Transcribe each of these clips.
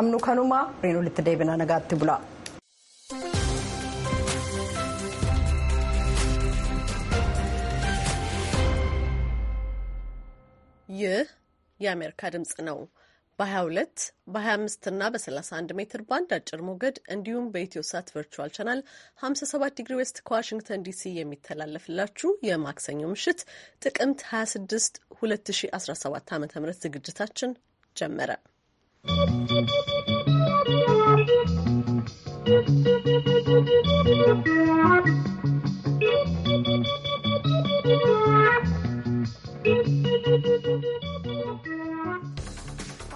ಅಮ್ನು ಕನುಮ ರೇಣುಲಿತ್ತಿದ್ದೇವೆ ನನಗತ್ತಿ ಬುಲ ይህ የአሜሪካ ድምጽ ነው። በ22 በ25 እና በ31 ሜትር ባንድ አጭር ሞገድ እንዲሁም በኢትዮ ሳት ቨርቹዋል ቻናል 57 ዲግሪ ዌስት ከዋሽንግተን ዲሲ የሚተላለፍላችሁ የማክሰኞ ምሽት ጥቅምት 26 2017 ዓ ም ዝግጅታችን ጀመረ።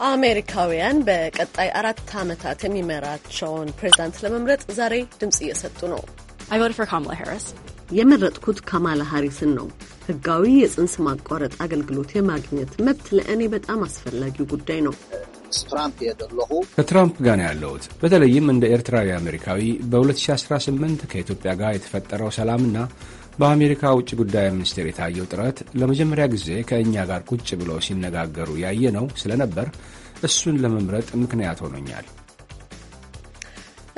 አሜሪካውያን በቀጣይ አራት ዓመታት የሚመራቸውን ፕሬዝዳንት ለመምረጥ ዛሬ ድምፅ እየሰጡ ነው። የመረጥኩት ካማላ ሃሪስን ነው። ህጋዊ የጽንስ ማቋረጥ አገልግሎት የማግኘት መብት ለእኔ በጣም አስፈላጊው ጉዳይ ነው። ዶናልድ ትራምፕ የደለሁ ከትራምፕ ጋር ነው ያለሁት። በተለይም እንደ ኤርትራዊ አሜሪካዊ በ2018 ከኢትዮጵያ ጋር የተፈጠረው ሰላምና በአሜሪካ ውጭ ጉዳይ ሚኒስቴር የታየው ጥረት ለመጀመሪያ ጊዜ ከእኛ ጋር ቁጭ ብለው ሲነጋገሩ ያየ ነው ስለነበር እሱን ለመምረጥ ምክንያት ሆኖኛል።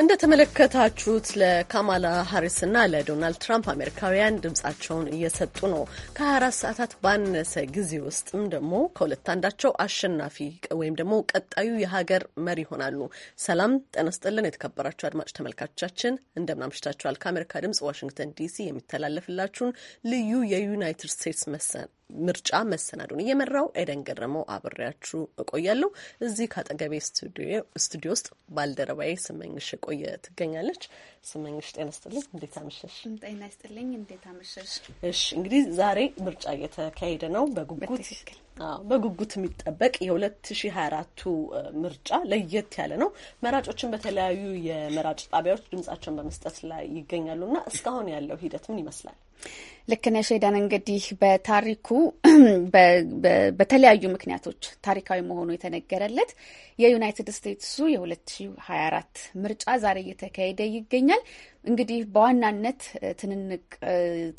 እንደተመለከታችሁት ለካማላ ሀሪስና ለዶናልድ ትራምፕ አሜሪካውያን ድምጻቸውን እየሰጡ ነው። ከ24 ሰዓታት ባነሰ ጊዜ ውስጥም ደግሞ ከሁለት አንዳቸው አሸናፊ ወይም ደግሞ ቀጣዩ የሀገር መሪ ይሆናሉ። ሰላም ጤና የተከበራቸው የተከበራችሁ አድማጭ ተመልካቾቻችን እንደምናምሽታችኋል። ከአሜሪካ ድምጽ ዋሽንግተን ዲሲ የሚተላለፍላችሁን ልዩ የዩናይትድ ስቴትስ መሰን ምርጫ መሰናዶን እየመራው ኤደን ገረመው አብሬያችሁ እቆያለሁ። እዚህ ከአጠገቤ ስቱዲዮ ውስጥ ባልደረባዬ ስመኝሽ የቆየ ትገኛለች። ስመኝሽ ጤና ስጥልኝ፣ እንዴት አመሸሽ? ጤና ስጥልኝ፣ እንዴት አመሸሽ? እሺ እንግዲህ ዛሬ ምርጫ እየተካሄደ ነው በጉጉት በጉጉት የሚጠበቅ የ2024ቱ ምርጫ ለየት ያለ ነው። መራጮችን በተለያዩ የመራጭ ጣቢያዎች ድምጻቸውን በመስጠት ላይ ይገኛሉ እና እስካሁን ያለው ሂደት ምን ይመስላል? ልክ ነሽ ሄዳን። እንግዲህ በታሪኩ በተለያዩ ምክንያቶች ታሪካዊ መሆኑ የተነገረለት የዩናይትድ ስቴትሱ የ2024 ምርጫ ዛሬ እየተካሄደ ይገኛል። እንግዲህ በዋናነት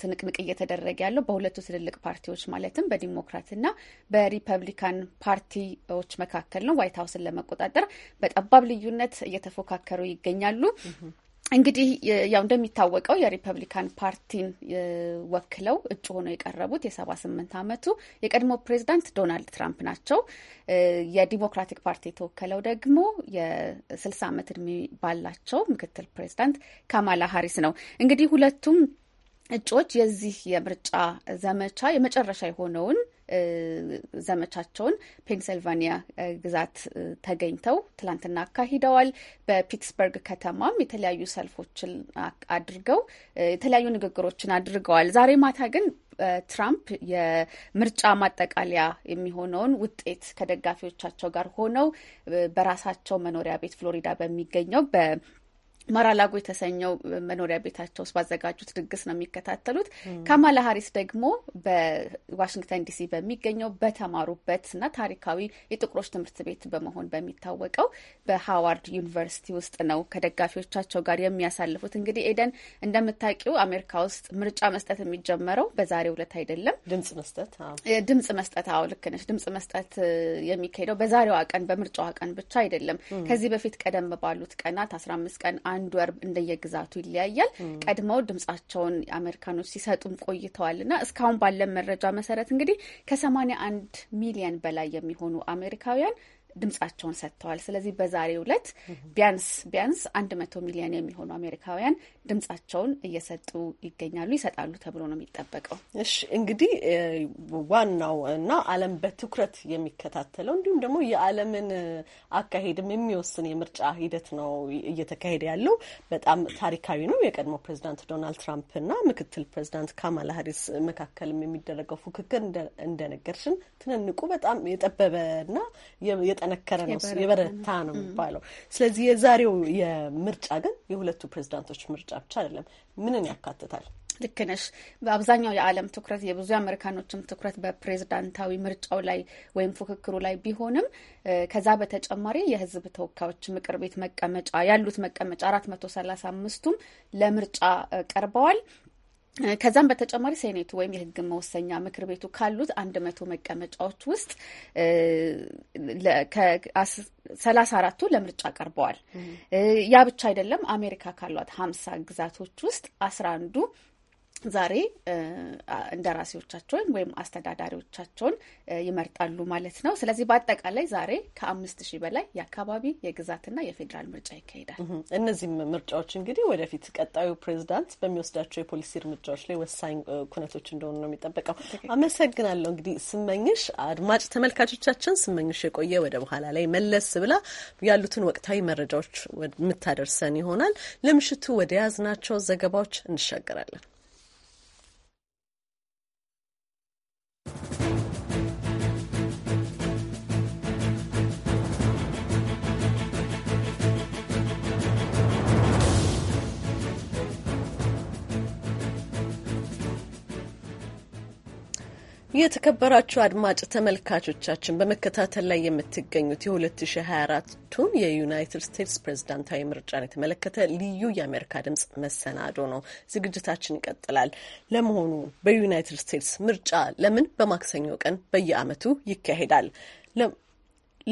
ትንቅንቅ እየተደረገ ያለው በሁለቱ ትልልቅ ፓርቲዎች ማለትም በዲሞክራትና በሪፐብሊካን ፓርቲዎች መካከል ነው። ዋይት ሀውስን ለመቆጣጠር በጠባብ ልዩነት እየተፎካከሩ ይገኛሉ። እንግዲህ ያው እንደሚታወቀው የሪፐብሊካን ፓርቲን ወክለው እጩ ሆነው የቀረቡት የሰባ ስምንት ዓመቱ የቀድሞ ፕሬዚዳንት ዶናልድ ትራምፕ ናቸው። የዲሞክራቲክ ፓርቲ የተወከለው ደግሞ የስልሳ አመት እድሜ ባላቸው ምክትል ፕሬዚዳንት ካማላ ሀሪስ ነው። እንግዲህ ሁለቱም እጩዎች የዚህ የምርጫ ዘመቻ የመጨረሻ የሆነውን ዘመቻቸውን ፔንስልቫኒያ ግዛት ተገኝተው ትላንትና አካሂደዋል። በፒትስበርግ ከተማም የተለያዩ ሰልፎችን አድርገው የተለያዩ ንግግሮችን አድርገዋል። ዛሬ ማታ ግን ትራምፕ የምርጫ ማጠቃለያ የሚሆነውን ውጤት ከደጋፊዎቻቸው ጋር ሆነው በራሳቸው መኖሪያ ቤት ፍሎሪዳ በሚገኘው ማራላጎ የተሰኘው መኖሪያ ቤታቸው ውስጥ ባዘጋጁት ድግስ ነው የሚከታተሉት። ካማላ ሀሪስ ደግሞ በዋሽንግተን ዲሲ በሚገኘው በተማሩበት እና ታሪካዊ የጥቁሮች ትምህርት ቤት በመሆን በሚታወቀው በሃዋርድ ዩኒቨርሲቲ ውስጥ ነው ከደጋፊዎቻቸው ጋር የሚያሳልፉት። እንግዲህ ኤደን እንደምታውቂው አሜሪካ ውስጥ ምርጫ መስጠት የሚጀመረው በዛሬ ዕለት አይደለም። ድምጽ መስጠት ድምጽ መስጠት አዎ፣ ልክ ነሽ። ድምጽ መስጠት የሚካሄደው በዛሬዋ ቀን በምርጫዋ ቀን ብቻ አይደለም። ከዚህ በፊት ቀደም ባሉት ቀናት አስራ አምስት ቀን አንድ ወር እንደየግዛቱ ይለያያል። ቀድመው ድምጻቸውን አሜሪካኖች ሲሰጡም ቆይተዋል እና እስካሁን ባለን መረጃ መሰረት እንግዲህ ከሰማኒያ አንድ ሚሊየን በላይ የሚሆኑ አሜሪካውያን ድምጻቸውን ሰጥተዋል። ስለዚህ በዛሬው ዕለት ቢያንስ ቢያንስ አንድ መቶ ሚሊዮን የሚሆኑ አሜሪካውያን ድምጻቸውን እየሰጡ ይገኛሉ ይሰጣሉ ተብሎ ነው የሚጠበቀው። እሺ እንግዲህ ዋናው እና ዓለም በትኩረት የሚከታተለው እንዲሁም ደግሞ የዓለምን አካሄድም የሚወስን የምርጫ ሂደት ነው እየተካሄደ ያለው። በጣም ታሪካዊ ነው። የቀድሞ ፕሬዚዳንት ዶናልድ ትራምፕ እና ምክትል ፕሬዚዳንት ካማላ ሀሪስ መካከልም የሚደረገው ፉክክር እንደነገርሽን ትንንቁ በጣም የጠበበ እና የጠነከረ ነው፣ የበረታ ነው የሚባለው። ስለዚህ የዛሬው የምርጫ ግን የሁለቱ ፕሬዚዳንቶች ምርጫ ብቻ አይደለም። ምንን ያካትታል? ልክ ነሽ። በአብዛኛው የዓለም ትኩረት የብዙ አሜሪካኖችም ትኩረት በፕሬዝዳንታዊ ምርጫው ላይ ወይም ፉክክሩ ላይ ቢሆንም ከዛ በተጨማሪ የሕዝብ ተወካዮች ምክር ቤት መቀመጫ ያሉት መቀመጫ አራት መቶ ሰላሳ አምስቱም ለምርጫ ቀርበዋል። ከዛም በተጨማሪ ሴኔቱ ወይም የህግ መወሰኛ ምክር ቤቱ ካሉት አንድ መቶ መቀመጫዎች ውስጥ ሰላሳ አራቱ ለምርጫ ቀርበዋል። ያ ብቻ አይደለም። አሜሪካ ካሏት ሀምሳ ግዛቶች ውስጥ አስራ አንዱ ዛሬ እንደራሴዎቻቸውን ወይም አስተዳዳሪዎቻቸውን ይመርጣሉ ማለት ነው። ስለዚህ በአጠቃላይ ዛሬ ከአምስት ሺህ በላይ የአካባቢ የግዛትና የፌዴራል ምርጫ ይካሄዳል። እነዚህም ምርጫዎች እንግዲህ ወደፊት ቀጣዩ ፕሬዚዳንት በሚወስዳቸው የፖሊሲ እርምጃዎች ላይ ወሳኝ ኩነቶች እንደሆኑ ነው የሚጠበቀው። አመሰግናለሁ። እንግዲህ ስመኝሽ አድማጭ ተመልካቾቻችን ስመኝሽ የቆየ ወደ በኋላ ላይ መለስ ብላ ያሉትን ወቅታዊ መረጃዎች የምታደርሰን ይሆናል። ለምሽቱ ወደ ያዝናቸው ዘገባዎች እንሻገራለን። የተከበራችሁ አድማጭ ተመልካቾቻችን በመከታተል ላይ የምትገኙት የ2024ቱን የዩናይትድ ስቴትስ ፕሬዝዳንታዊ ምርጫን የተመለከተ ልዩ የአሜሪካ ድምጽ መሰናዶ ነው። ዝግጅታችን ይቀጥላል። ለመሆኑ በዩናይትድ ስቴትስ ምርጫ ለምን በማክሰኞ ቀን በየአመቱ ይካሄዳል?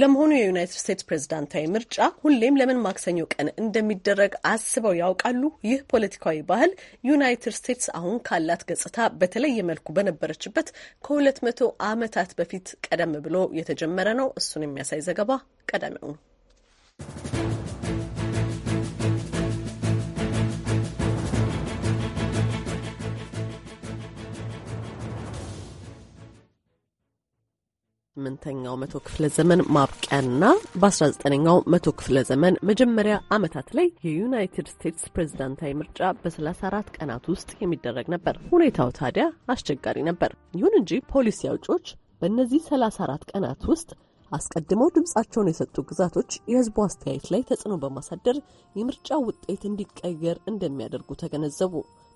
ለመሆኑ የዩናይትድ ስቴትስ ፕሬዝዳንታዊ ምርጫ ሁሌም ለምን ማክሰኞ ቀን እንደሚደረግ አስበው ያውቃሉ? ይህ ፖለቲካዊ ባህል ዩናይትድ ስቴትስ አሁን ካላት ገጽታ በተለየ መልኩ በነበረችበት ከሁለት መቶ ዓመታት በፊት ቀደም ብሎ የተጀመረ ነው። እሱን የሚያሳይ ዘገባ ቀዳሚው ነው። ስምንተኛው መቶ ክፍለ ዘመን ማብቂያና በ19ኛው መቶ ክፍለ ዘመን መጀመሪያ ዓመታት ላይ የዩናይትድ ስቴትስ ፕሬዝዳንታዊ ምርጫ በ34 ቀናት ውስጥ የሚደረግ ነበር። ሁኔታው ታዲያ አስቸጋሪ ነበር። ይሁን እንጂ ፖሊሲ አውጪዎች በእነዚህ 34 ቀናት ውስጥ አስቀድመው ድምፃቸውን የሰጡ ግዛቶች የሕዝቡ አስተያየት ላይ ተጽዕኖ በማሳደር የምርጫው ውጤት እንዲቀየር እንደሚያደርጉ ተገነዘቡ።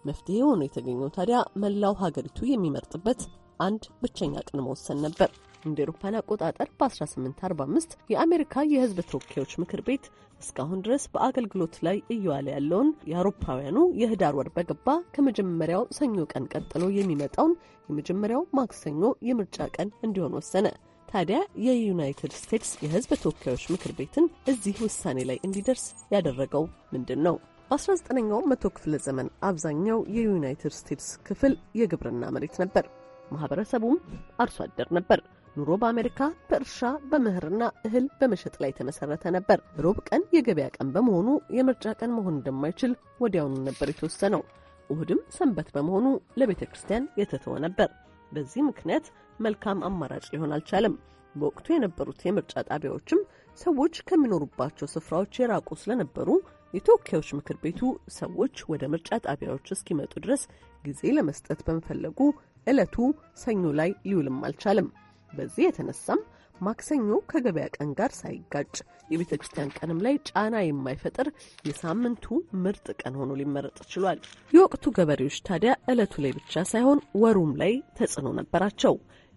መፍትሄ ሆኖ የተገኘው ታዲያ መላው ሀገሪቱ የሚመርጥበት አንድ ብቸኛ ቀን መወሰን ነበር። እንደ ኤሮፓን አቆጣጠር በ1845 የአሜሪካ የሕዝብ ተወካዮች ምክር ቤት እስካሁን ድረስ በአገልግሎት ላይ እየዋለ ያለውን የአውሮፓውያኑ የህዳር ወር በገባ ከመጀመሪያው ሰኞ ቀን ቀጥሎ የሚመጣውን የመጀመሪያው ማክሰኞ የምርጫ ቀን እንዲሆን ወሰነ። ታዲያ የዩናይትድ ስቴትስ የህዝብ ተወካዮች ምክር ቤትን እዚህ ውሳኔ ላይ እንዲደርስ ያደረገው ምንድን ነው? በ19ኛው መቶ ክፍለ ዘመን አብዛኛው የዩናይትድ ስቴትስ ክፍል የግብርና መሬት ነበር። ማህበረሰቡም አርሶ አደር ነበር። ኑሮ በአሜሪካ በእርሻ በምህርና እህል በመሸጥ ላይ የተመሰረተ ነበር። ሮብ ቀን የገበያ ቀን በመሆኑ የምርጫ ቀን መሆን እንደማይችል ወዲያውኑ ነበር የተወሰነው። እሁድም ሰንበት በመሆኑ ለቤተ ክርስቲያን የተተወ ነበር። በዚህ ምክንያት መልካም አማራጭ ሊሆን አልቻለም። በወቅቱ የነበሩት የምርጫ ጣቢያዎችም ሰዎች ከሚኖሩባቸው ስፍራዎች የራቁ ስለነበሩ የተወካዮች ምክር ቤቱ ሰዎች ወደ ምርጫ ጣቢያዎች እስኪመጡ ድረስ ጊዜ ለመስጠት በመፈለጉ ዕለቱ ሰኞ ላይ ሊውልም አልቻለም። በዚህ የተነሳም ማክሰኞ ከገበያ ቀን ጋር ሳይጋጭ የቤተ ክርስቲያን ቀንም ላይ ጫና የማይፈጥር የሳምንቱ ምርጥ ቀን ሆኖ ሊመረጥ ችሏል። የወቅቱ ገበሬዎች ታዲያ ዕለቱ ላይ ብቻ ሳይሆን ወሩም ላይ ተጽዕኖ ነበራቸው።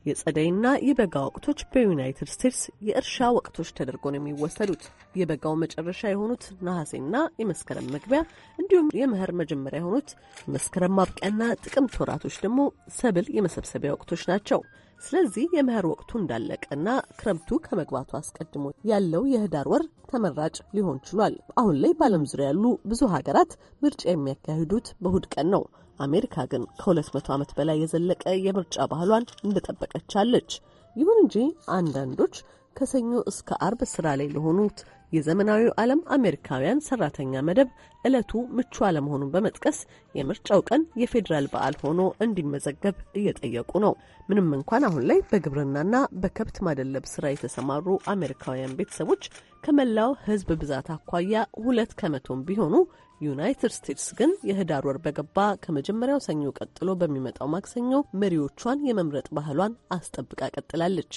የጸደይና የበጋ ወቅቶች በዩናይትድ ስቴትስ የእርሻ ወቅቶች ተደርጎ ነው የሚወሰዱት። የበጋው መጨረሻ የሆኑት ነሐሴና የመስከረም መግቢያ እንዲሁም የመኸር መጀመሪያ የሆኑት መስከረም ማብቂያና ጥቅምት ወራቶች ደግሞ ሰብል የመሰብሰቢያ ወቅቶች ናቸው። ስለዚህ የመኸር ወቅቱ እንዳለቀና ክረምቱ ከመግባቱ አስቀድሞ ያለው የህዳር ወር ተመራጭ ሊሆን ችሏል። አሁን ላይ በዓለም ዙሪያ ያሉ ብዙ ሀገራት ምርጫ የሚያካሂዱት በእሁድ ቀን ነው። አሜሪካ ግን ከ200 ዓመት በላይ የዘለቀ የምርጫ ባህሏን እንደጠበቀች አለች። ይሁን እንጂ አንዳንዶች ከሰኞ እስከ አርብ ስራ ላይ ለሆኑት የዘመናዊው ዓለም አሜሪካውያን ሰራተኛ መደብ ዕለቱ ምቹ አለመሆኑን በመጥቀስ የምርጫው ቀን የፌዴራል በዓል ሆኖ እንዲመዘገብ እየጠየቁ ነው። ምንም እንኳን አሁን ላይ በግብርናና በከብት ማደለብ ስራ የተሰማሩ አሜሪካውያን ቤተሰቦች ከመላው ሕዝብ ብዛት አኳያ ሁለት ከመቶም ቢሆኑ ዩናይትድ ስቴትስ ግን የህዳር ወር በገባ ከመጀመሪያው ሰኞ ቀጥሎ በሚመጣው ማክሰኞ መሪዎቿን የመምረጥ ባህሏን አስጠብቃ ቀጥላለች።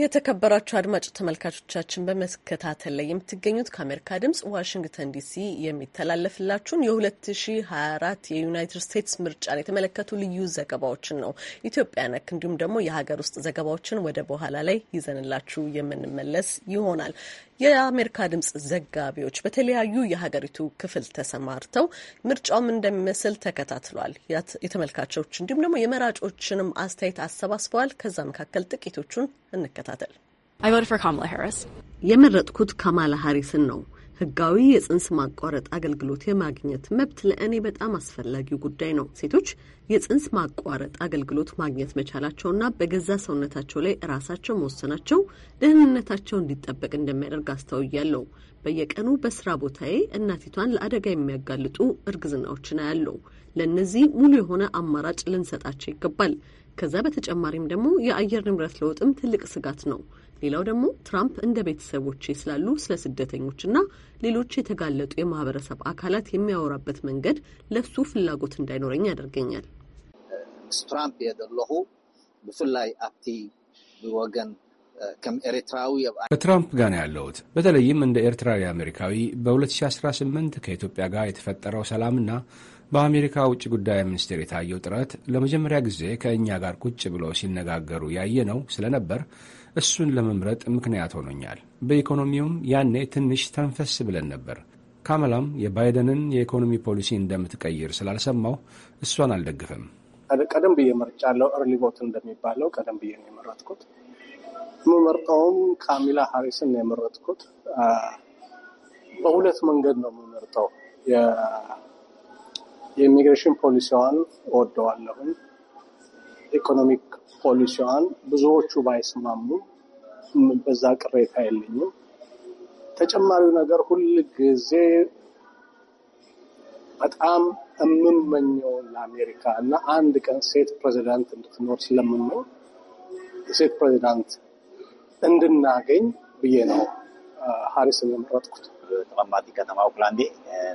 የተከበራችሁ አድማጭ ተመልካቾቻችን በመከታተል ላይ የምትገኙት ከአሜሪካ ድምጽ ዋሽንግተን ዲሲ የሚተላለፍላችሁን የ2024 የዩናይትድ ስቴትስ ምርጫን የተመለከቱ ልዩ ዘገባዎችን ነው። ኢትዮጵያ ነክ እንዲሁም ደግሞ የሀገር ውስጥ ዘገባዎችን ወደ በኋላ ላይ ይዘንላችሁ የምንመለስ ይሆናል። የአሜሪካ ድምጽ ዘጋቢዎች በተለያዩ የሀገሪቱ ክፍል ተሰማርተው ምርጫው እንደሚመስል ተከታትሏል። የተመልካቾች እንዲሁም ደግሞ የመራጮችንም አስተያየት አሰባስበዋል። ከዛ መካከል ጥቂቶቹን እንከ እንከታተል። የመረጥኩት ካማላ ሀሪስን ነው። ህጋዊ የጽንስ ማቋረጥ አገልግሎት የማግኘት መብት ለእኔ በጣም አስፈላጊው ጉዳይ ነው። ሴቶች የጽንስ ማቋረጥ አገልግሎት ማግኘት መቻላቸውና በገዛ ሰውነታቸው ላይ ራሳቸው መወሰናቸው ደህንነታቸው እንዲጠበቅ እንደሚያደርግ አስተውያለሁ። በየቀኑ በስራ ቦታዬ እናቲቷን ለአደጋ የሚያጋልጡ እርግዝናዎችን አያለሁ። ለእነዚህ ሙሉ የሆነ አማራጭ ልንሰጣቸው ይገባል። ከዛ በተጨማሪም ደግሞ የአየር ንብረት ለውጥም ትልቅ ስጋት ነው። ሌላው ደግሞ ትራምፕ እንደ ቤተሰቦቼ ስላሉ ስለ ስደተኞችና ሌሎች የተጋለጡ የማህበረሰብ አካላት የሚያወራበት መንገድ ለሱ ፍላጎት እንዳይኖረኝ ያደርገኛል። ትራምፕ የደለሁ ብፍላይ ኣብቲ ብወገን ከትራምፕ ጋር ነው ያለሁት። በተለይም እንደ ኤርትራዊ አሜሪካዊ በ2018 ከኢትዮጵያ ጋር የተፈጠረው ሰላምና በአሜሪካ ውጭ ጉዳይ ሚኒስቴር የታየው ጥረት ለመጀመሪያ ጊዜ ከእኛ ጋር ቁጭ ብለው ሲነጋገሩ ያየነው ስለነበር እሱን ለመምረጥ ምክንያት ሆኖኛል። በኢኮኖሚውም ያኔ ትንሽ ተንፈስ ብለን ነበር። ካመላም የባይደንን የኢኮኖሚ ፖሊሲ እንደምትቀይር ስላልሰማው እሷን አልደግፍም። ቀደም ብዬ መርጫለሁ። እርሊ ቦት እንደሚባለው ቀደም ብዬ ነው የመረጥኩት። የምመርጠውም ካሚላ ሀሪስን ነው የመረጥኩት። በሁለት መንገድ ነው የምመርጠው የኢሚግሬሽን ፖሊሲዋን እወደዋለሁኝ። ኢኮኖሚክ ፖሊሲዋን ብዙዎቹ ባይስማሙ በዛ ቅሬታ የለኝም። ተጨማሪው ነገር ሁል ጊዜ በጣም የምመኘው ለአሜሪካ እና አንድ ቀን ሴት ፕሬዚዳንት እንድትኖር ስለምመኝ ሴት ፕሬዚዳንት እንድናገኝ ብዬ ነው ሀሪስን የመረጥኩት። ተቐማጢ ከተማ ኦክላንድ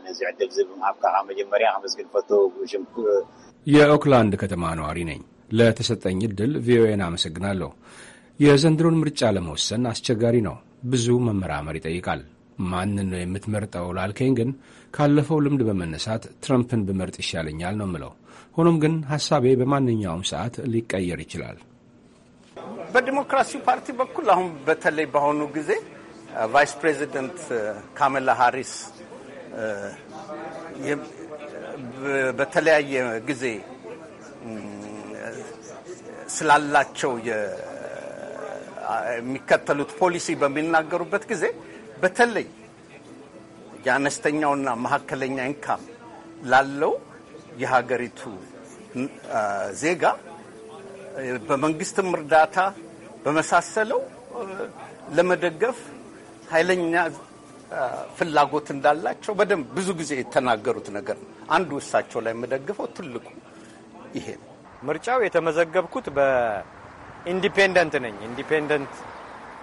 ነዚ ዕድል ዝብ ከዓ መጀመርያ ኣመስግን ፈቶ ሽምኩ የኦክላንድ ከተማ ነዋሪ ነኝ። ለተሰጠኝ ዕድል ቪኦኤን አመሰግናለሁ። የዘንድሮን ምርጫ ለመወሰን አስቸጋሪ ነው። ብዙ መመራመር ይጠይቃል። ማንን ነው የምትመርጠው ላልከኝ ግን ካለፈው ልምድ በመነሳት ትረምፕን ብመርጥ ይሻለኛል ነው ምለው። ሆኖም ግን ሀሳቤ በማንኛውም ሰዓት ሊቀየር ይችላል። በዲሞክራሲው ፓርቲ በኩል አሁን በተለይ በአሁኑ ጊዜ ቫይስ ፕሬዚደንት ካመላ ሃሪስ በተለያየ ጊዜ mm, uh, ስላላቸው uh, የሚከተሉት ፖሊሲ በሚናገሩበት ጊዜ በተለይ የአነስተኛውና መካከለኛ ኢንካም ላለው የሀገሪቱ uh, ዜጋ በመንግስትም እርዳታ በመሳሰለው ለመደገፍ ኃይለኛ ፍላጎት እንዳላቸው በደንብ ብዙ ጊዜ የተናገሩት ነገር ነው። አንዱ እሳቸው ላይ የምደግፈው ትልቁ ይሄ ነው። ምርጫው የተመዘገብኩት በኢንዲፔንደንት ነኝ። ኢንዲፔንደንት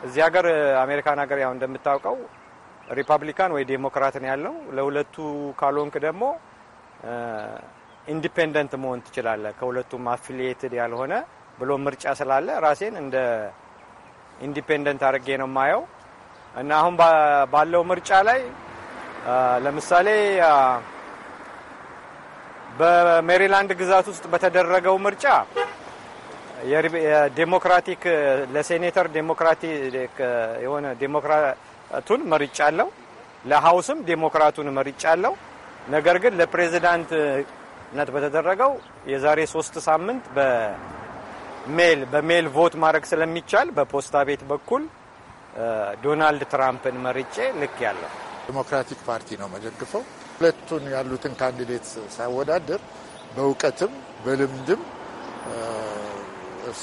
እዚህ ሀገር አሜሪካን ሀገር ያው እንደምታውቀው ሪፐብሊካን ወይ ዴሞክራት ነው ያለው። ለሁለቱ ካልሆንክ ደግሞ ኢንዲፔንደንት መሆን ትችላለህ። ከሁለቱም አፊሊየትድ ያልሆነ ብሎ ምርጫ ስላለ ራሴን እንደ ኢንዲፔንደንት አድርጌ ነው የማየው። እና አሁን ባለው ምርጫ ላይ ለምሳሌ በሜሪላንድ ግዛት ውስጥ በተደረገው ምርጫ የዴሞክራቲክ ለሴኔተር ዴሞክራቲክ የሆነ ዴሞክራቱን መርጫ አለው። ለሀውስም ዴሞክራቱን መርጫ አለው። ነገር ግን ለፕሬዚዳንትነት በተደረገው የዛሬ ሶስት ሳምንት በሜል በሜል ቮት ማድረግ ስለሚቻል በፖስታ ቤት በኩል ዶናልድ ትራምፕን መርጬ ልክ ያለው ዲሞክራቲክ ፓርቲ ነው መደግፈው። ሁለቱን ያሉትን ካንዲዴት ሳወዳደር በእውቀትም በልምድም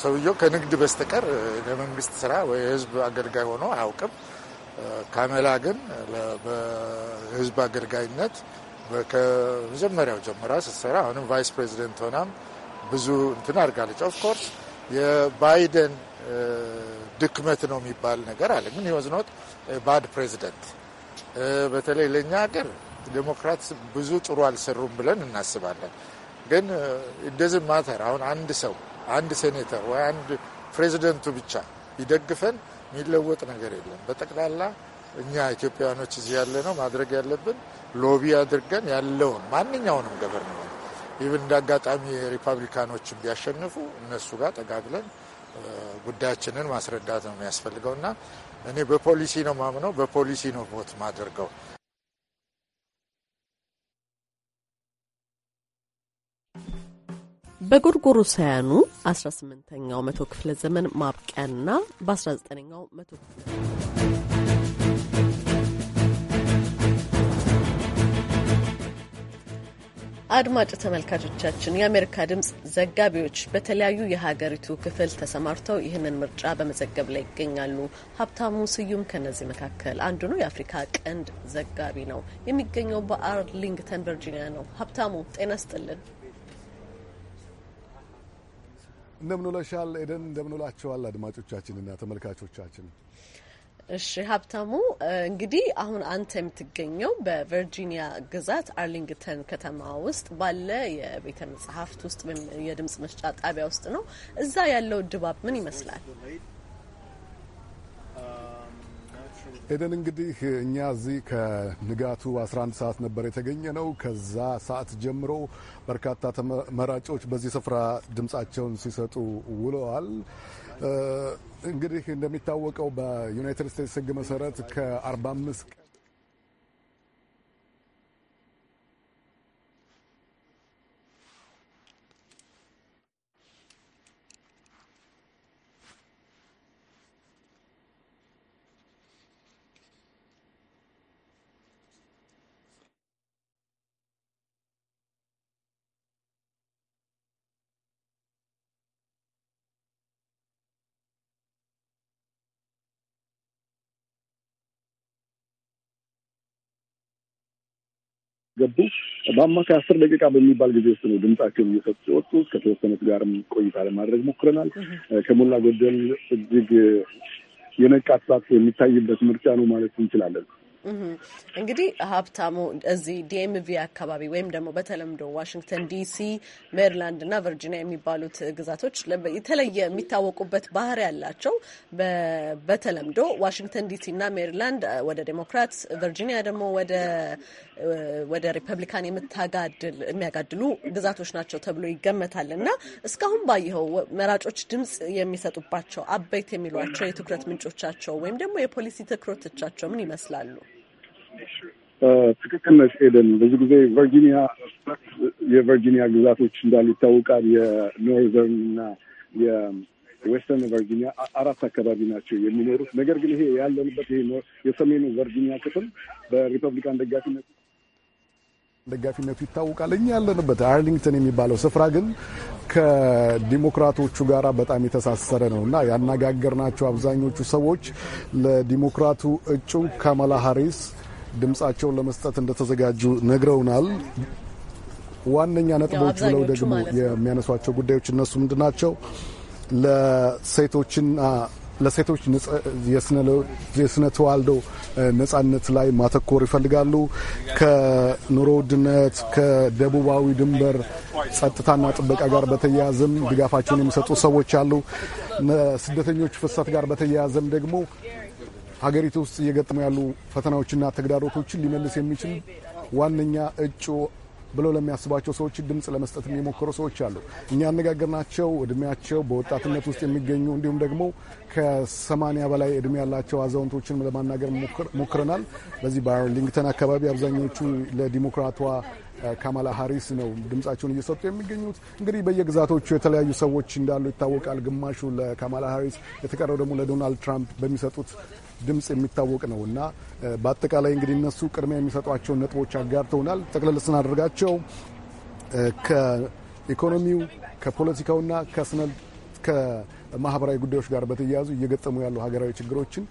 ሰውየው ከንግድ በስተቀር ለመንግስት ስራ ወይ የህዝብ አገልጋይ ሆኖ አያውቅም። ካመላ ግን በህዝብ አገልጋይነት ከመጀመሪያው ጀምራ ስትሰራ አሁንም ቫይስ ፕሬዚደንት ሆናም ብዙ እንትን አድርጋለች። ኦፍኮርስ የባይደን ድክመት ነው የሚባል ነገር አለ። ምን ይወዝኖት ባድ ፕሬዚደንት። በተለይ ለእኛ ሀገር ዴሞክራት ብዙ ጥሩ አልሰሩም ብለን እናስባለን። ግን እንደዚህ ማተር አሁን አንድ ሰው አንድ ሴኔተር ወይ አንድ ፕሬዚደንቱ ብቻ ይደግፈን የሚለወጥ ነገር የለም። በጠቅላላ እኛ ኢትዮጵያውያኖች እዚህ ያለ ነው ማድረግ ያለብን ሎቢ አድርገን ያለውን ማንኛውንም ገቨርንመንት ይብን እንደ አጋጣሚ ሪፐብሊካኖችን ቢያሸንፉ እነሱ ጋር ጠጋ ጉዳያችንን ማስረዳት ነው የሚያስፈልገው እና እኔ በፖሊሲ ነው ማምነው፣ በፖሊሲ ነው ቦት ማደርገው። በጎርጎሮሳውያኑ 18ኛው መቶ ክፍለ ዘመን ማብቂያና በ19ኛው መቶ ክፍለ ዘመን አድማጭ ተመልካቾቻችን የአሜሪካ ድምጽ ዘጋቢዎች በተለያዩ የሀገሪቱ ክፍል ተሰማርተው ይህንን ምርጫ በመዘገብ ላይ ይገኛሉ። ሀብታሙ ስዩም ከነዚህ መካከል አንዱ ነው። የአፍሪካ ቀንድ ዘጋቢ ነው። የሚገኘው በአርሊንግተን ቨርጂኒያ ነው። ሀብታሙ ጤና ስጥልን። እንደምንውለሻል ኤደን። እንደምንላቸዋል አድማጮቻችንና ተመልካቾቻችን እሺ ሀብታሙ፣ እንግዲህ አሁን አንተ የምትገኘው በቨርጂኒያ ግዛት አርሊንግተን ከተማ ውስጥ ባለ የቤተ መጽሐፍት ውስጥ ወይም የድምጽ መስጫ ጣቢያ ውስጥ ነው። እዛ ያለው ድባብ ምን ይመስላል? ኤደን እንግዲህ እኛ እዚህ ከንጋቱ 11 ሰዓት ነበር የተገኘ ነው። ከዛ ሰዓት ጀምሮ በርካታ መራጮች በዚህ ስፍራ ድምጻቸውን ሲሰጡ ውለዋል። እንግዲህ እንደሚታወቀው በዩናይትድ ስቴትስ ሕግ መሰረት ከ45 ገቡ። በአማካይ አስር ደቂቃ በሚባል ጊዜ ውስጥ ነው ድምጻቸውን እየሰጡ ሲወጡ። ከተወሰኑት ጋርም ቆይታ ለማድረግ ሞክረናል። ከሞላ ጎደል እጅግ የነቃ ተሳትፎ የሚታይበት ምርጫ ነው ማለት እንችላለን። እንግዲህ ሀብታሙ እዚህ ዲኤምቪ አካባቢ ወይም ደግሞ በተለምዶ ዋሽንግተን ዲሲ፣ ሜሪላንድ እና ቨርጂኒያ የሚባሉት ግዛቶች የተለየ የሚታወቁበት ባህሪ ያላቸው በተለምዶ ዋሽንግተን ዲሲ እና ሜሪላንድ ወደ ዴሞክራት፣ ቨርጂኒያ ደግሞ ወደ ሪፐብሊካን የሚያጋድሉ ግዛቶች ናቸው ተብሎ ይገመታል እና እስካሁን ባየኸው መራጮች ድምጽ የሚሰጡባቸው አበይት የሚሏቸው የትኩረት ምንጮቻቸው ወይም ደግሞ የፖሊሲ ትኩረቶቻቸው ምን ይመስላሉ? ትክክል ነሽ ኤደን። ብዙ ጊዜ ቨርጂኒያ የቨርጂኒያ ግዛቶች እንዳሉ ይታወቃል። የኖርዘርን እና የዌስተርን ቨርጂኒያ አራት አካባቢ ናቸው የሚኖሩት። ነገር ግን ይሄ ያለንበት ይሄ የሰሜኑ ቨርጂኒያ ክፍል በሪፐብሊካን ደጋፊነት ደጋፊነቱ ይታወቃል። እኛ ያለንበት አርሊንግተን የሚባለው ስፍራ ግን ከዲሞክራቶቹ ጋር በጣም የተሳሰረ ነው እና ያነጋገርናቸው አብዛኞቹ ሰዎች ለዲሞክራቱ እጩ ካማላ ሀሪስ ድምፃቸውን ለመስጠት እንደተዘጋጁ ነግረውናል። ዋነኛ ነጥቦች ብለው ደግሞ የሚያነሷቸው ጉዳዮች እነሱ ምንድን ናቸው? ለሴቶችና ለሴቶች የስነ ተዋልዶ ነጻነት ላይ ማተኮር ይፈልጋሉ። ከኑሮ ውድነት ከደቡባዊ ድንበር ጸጥታና ጥበቃ ጋር በተያያዘም ድጋፋቸውን የሚሰጡ ሰዎች አሉ። ስደተኞች ፍሰት ጋር በተያያዘም ደግሞ ሀገሪቱ ውስጥ እየገጠሙ ያሉ ፈተናዎችና ተግዳሮቶችን ሊመልስ የሚችል ዋነኛ እጩ ብለው ለሚያስባቸው ሰዎች ድምፅ ለመስጠት የሚሞክሩ ሰዎች አሉ። እኛ ያነጋገርናቸው እድሜያቸው በወጣትነት ውስጥ የሚገኙ እንዲሁም ደግሞ ከሰማኒያ በላይ እድሜ ያላቸው አዛውንቶችን ለማናገር ሞክረናል። በዚህ በአርሊንግተን አካባቢ አብዛኞቹ ለዲሞክራቷ ካማላ ሀሪስ ነው ድምጻቸውን እየሰጡ የሚገኙት። እንግዲህ በየግዛቶቹ የተለያዩ ሰዎች እንዳሉ ይታወቃል። ግማሹ ለካማላ ሀሪስ፣ የተቀረው ደግሞ ለዶናልድ ትራምፕ በሚሰጡት ድምፅ የሚታወቅ ነው እና በአጠቃላይ እንግዲህ እነሱ ቅድሚያ የሚሰጧቸውን ነጥቦች አጋርተውናል። ጠቅለል ስናደርጋቸው ከኢኮኖሚው ከፖለቲካውና ከስነል ከማህበራዊ ጉዳዮች ጋር በተያያዙ እየገጠሙ ያሉ ሀገራዊ ችግሮችን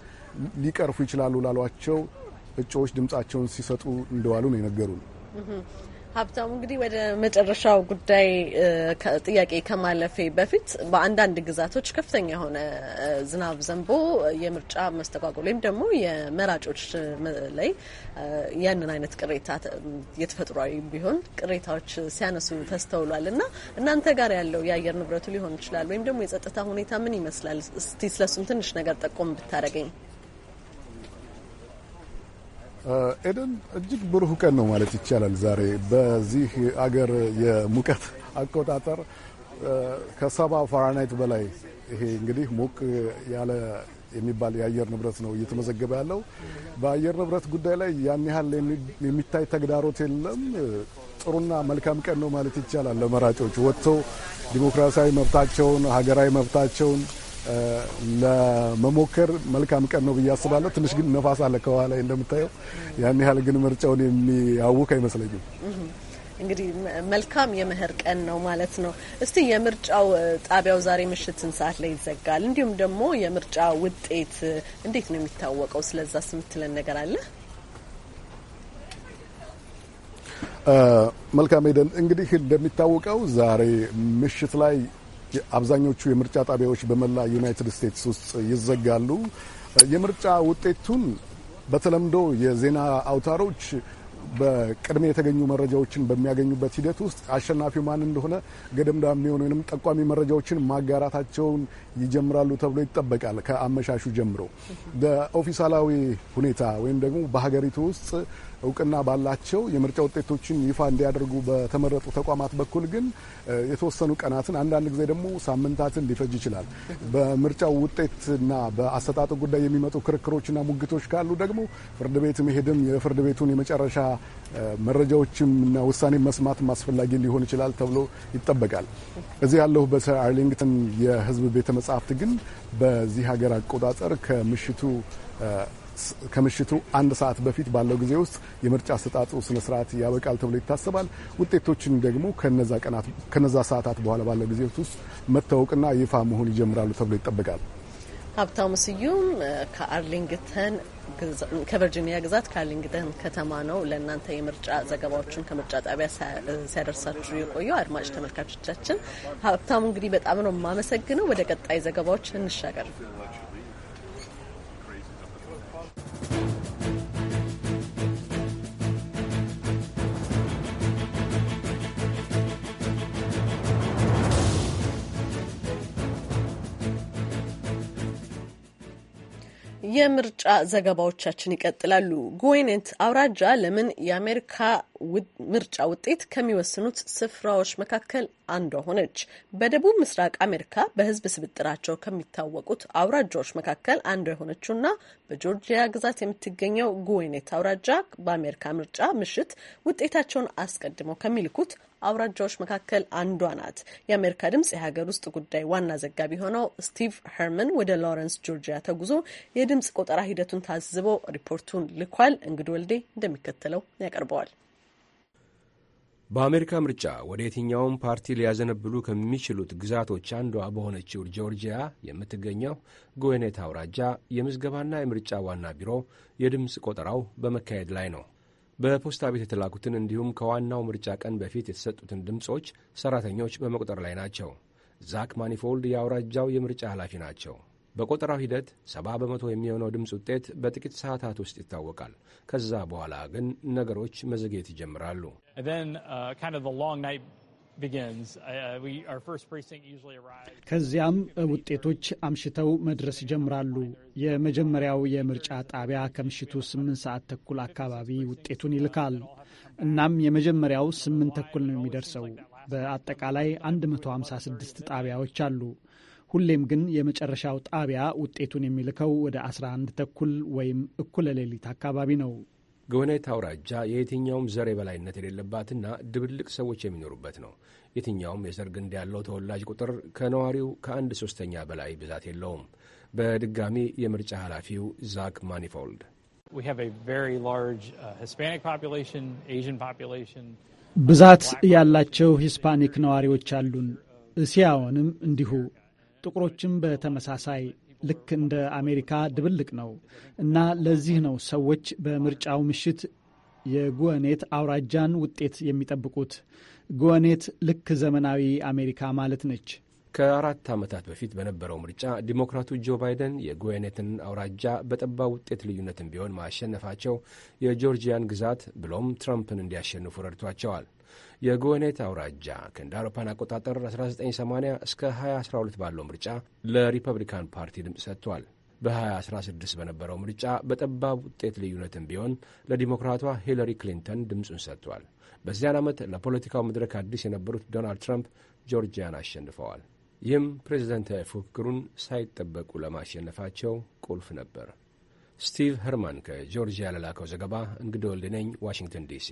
ሊቀርፉ ይችላሉ ላሏቸው እጩዎች ድምጻቸውን ሲሰጡ እንደዋሉ ነው የነገሩን። ሀብታሙ እንግዲህ ወደ መጨረሻው ጉዳይ ጥያቄ ከማለፌ በፊት በአንዳንድ ግዛቶች ከፍተኛ የሆነ ዝናብ ዘንቦ የምርጫ መስተጓጎል ወይም ደግሞ የመራጮች ላይ ያንን አይነት ቅሬታ የተፈጥሯዊ ቢሆን ቅሬታዎች ሲያነሱ ተስተውሏል እና እናንተ ጋር ያለው የአየር ንብረቱ ሊሆን ይችላል ወይም ደግሞ የጸጥታ ሁኔታ ምን ይመስላል? እስቲ ስለሱም ትንሽ ነገር ጠቆም ብታደረገኝ። ኤደን uh, እጅግ ብሩህ ቀን ነው ማለት ይቻላል። ዛሬ በዚህ አገር የሙቀት አቆጣጠር uh, ከሰባ ፋራናይት በላይ ይሄ እንግዲህ ሞቅ ያለ የሚባል የአየር ንብረት ነው እየተመዘገበ ያለው። በአየር ንብረት ጉዳይ ላይ ያን ያህል የሚታይ ተግዳሮት የለም። ጥሩና መልካም ቀን ነው ማለት ይቻላል። ለመራጮች ወጥተው ዲሞክራሲያዊ መብታቸውን፣ ሀገራዊ መብታቸውን ለመሞከር መልካም ቀን ነው ብዬ አስባለሁ። ትንሽ ግን ነፋስ አለ ከኋላ እንደምታየው፣ ያን ያህል ግን ምርጫውን የሚያውክ አይመስለኝም። እንግዲህ መልካም የመኸር ቀን ነው ማለት ነው። እስቲ የምርጫው ጣቢያው ዛሬ ምሽት ስንት ሰዓት ላይ ይዘጋል? እንዲሁም ደግሞ የምርጫ ውጤት እንዴት ነው የሚታወቀው? ስለዛ ስምትለን ነገር አለ። መልካም ሄደን እንግዲህ እንደሚታወቀው ዛሬ ምሽት ላይ አብዛኞቹ የምርጫ ጣቢያዎች በመላ ዩናይትድ ስቴትስ ውስጥ ይዘጋሉ። የምርጫ ውጤቱን በተለምዶ የዜና አውታሮች በቅድሜ የተገኙ መረጃዎችን በሚያገኙበት ሂደት ውስጥ አሸናፊው ማን እንደሆነ ገደምዳ የሚሆን ወይም ጠቋሚ መረጃዎችን ማጋራታቸውን ይጀምራሉ ተብሎ ይጠበቃል። ከአመሻሹ ጀምሮ በኦፊሳላዊ ሁኔታ ወይም ደግሞ በሀገሪቱ ውስጥ እውቅና ባላቸው የምርጫ ውጤቶችን ይፋ እንዲያደርጉ በተመረጡ ተቋማት በኩል ግን የተወሰኑ ቀናትን አንዳንድ ጊዜ ደግሞ ሳምንታትን ሊፈጅ ይችላል። በምርጫው ውጤትና በአሰጣጡ ጉዳይ የሚመጡ ክርክሮችና ሙግቶች ካሉ ደግሞ ፍርድ ቤት መሄድም የፍርድ ቤቱን የመጨረሻ መረጃዎችምና ውሳኔ መስማት አስፈላጊ ሊሆን ይችላል ተብሎ ይጠበቃል። እዚህ በሰር አርሊንግተን የህዝብ ቤተ መጻሕፍት ግን በዚህ ሀገር አቆጣጠር ከምሽቱ ከምሽቱ አንድ ሰዓት በፊት ባለው ጊዜ ውስጥ የምርጫ አሰጣጡ ስነ ስርዓት ያበቃል ተብሎ ይታሰባል። ውጤቶችን ደግሞ ከነዛ ሰዓታት በኋላ ባለው ጊዜ ውስጥ መታወቅና ይፋ መሆን ይጀምራሉ ተብሎ ይጠበቃል። ሀብታሙ ስዩም ከአርሊንግተን ከቨርጂኒያ ግዛት ከአርሊንግተን ከተማ ነው ለእናንተ የምርጫ ዘገባዎችን ከምርጫ ጣቢያ ሲያደርሳችሁ የቆየው አድማጭ ተመልካቾቻችን። ሀብታሙ እንግዲህ በጣም ነው የማመሰግነው። ወደ ቀጣይ ዘገባዎች እንሻገር። የምርጫ ዘገባዎቻችን ይቀጥላሉ። ጉዌኔት አውራጃ ለምን የአሜሪካ ምርጫ ውጤት ከሚወስኑት ስፍራዎች መካከል አንዷ ሆነች። በደቡብ ምስራቅ አሜሪካ በሕዝብ ስብጥራቸው ከሚታወቁት አውራጃዎች መካከል አንዷ የሆነችውና በጆርጂያ ግዛት የምትገኘው ጉዌኔት አውራጃ በአሜሪካ ምርጫ ምሽት ውጤታቸውን አስቀድመው ከሚልኩት አውራጃዎች መካከል አንዷ ናት። የአሜሪካ ድምጽ የሀገር ውስጥ ጉዳይ ዋና ዘጋቢ የሆነው ስቲቭ ሄርመን ወደ ሎረንስ ጆርጂያ ተጉዞ የድምጽ ቆጠራ ሂደቱን ታዝቦ ሪፖርቱን ልኳል። እንግድ ወልዴ እንደሚከተለው ያቀርበዋል። በአሜሪካ ምርጫ ወደ የትኛውም ፓርቲ ሊያዘነብሉ ከሚችሉት ግዛቶች አንዷ በሆነችው ጆርጂያ የምትገኘው ጎዌኔት አውራጃ የምዝገባና የምርጫ ዋና ቢሮ የድምፅ ቆጠራው በመካሄድ ላይ ነው። በፖስታ ቤት የተላኩትን እንዲሁም ከዋናው ምርጫ ቀን በፊት የተሰጡትን ድምፆች ሰራተኞች በመቁጠር ላይ ናቸው። ዛክ ማኒፎልድ የአውራጃው የምርጫ ኃላፊ ናቸው። በቆጠራው ሂደት ሰባ በመቶ የሚሆነው ድምፅ ውጤት በጥቂት ሰዓታት ውስጥ ይታወቃል። ከዛ በኋላ ግን ነገሮች መዘግየት ይጀምራሉ። Uh, ከዚያም ውጤቶች አምሽተው መድረስ ይጀምራሉ። የመጀመሪያው የምርጫ ጣቢያ ከምሽቱ 8 ሰዓት ተኩል አካባቢ ውጤቱን ይልካል። እናም የመጀመሪያው ስምንት ተኩል ነው የሚደርሰው። በአጠቃላይ 156 ጣቢያዎች አሉ። ሁሌም ግን የመጨረሻው ጣቢያ ውጤቱን የሚልከው ወደ 11 ተኩል ወይም እኩለ ሌሊት አካባቢ ነው። ገወናይት አውራጃ የየትኛውም ዘር የበላይነት የሌለባትና ድብልቅ ሰዎች የሚኖሩበት ነው። የትኛውም የዘር ግንድ ያለው ተወላጅ ቁጥር ከነዋሪው ከአንድ ሶስተኛ በላይ ብዛት የለውም። በድጋሚ የምርጫ ኃላፊው ዛክ ማኒፎልድ uh, ብዛት ያላቸው ሂስፓኒክ ነዋሪዎች አሉን። እስያውንም እንዲሁ ጥቁሮችም በተመሳሳይ ልክ እንደ አሜሪካ ድብልቅ ነው እና ለዚህ ነው ሰዎች በምርጫው ምሽት የጉወኔት አውራጃን ውጤት የሚጠብቁት። ጉወኔት ልክ ዘመናዊ አሜሪካ ማለት ነች። ከአራት ዓመታት በፊት በነበረው ምርጫ ዲሞክራቱ ጆ ባይደን የጉዌኔትን አውራጃ በጠባብ ውጤት ልዩነትም ቢሆን ማሸነፋቸው የጆርጂያን ግዛት ብሎም ትራምፕን እንዲያሸንፉ ረድቷቸዋል። የጎኔት አውራጃ ከእንደ አውሮፓን አቆጣጠር 1980 እስከ 2012 ባለው ምርጫ ለሪፐብሊካን ፓርቲ ድምፅ ሰጥቷል። በ2016 በነበረው ምርጫ በጠባብ ውጤት ልዩነትም ቢሆን ለዲሞክራቷ ሂለሪ ክሊንተን ድምፁን ሰጥቷል። በዚያን ዓመት ለፖለቲካው መድረክ አዲስ የነበሩት ዶናልድ ትራምፕ ጆርጂያን አሸንፈዋል። ይህም ፕሬዝደንታዊ ፉክክሩን ሳይጠበቁ ለማሸነፋቸው ቁልፍ ነበር። ስቲቭ ኸርማን ከጆርጂያ ለላከው ዘገባ እንግዳ ወልድነኝ ዋሽንግተን ዲሲ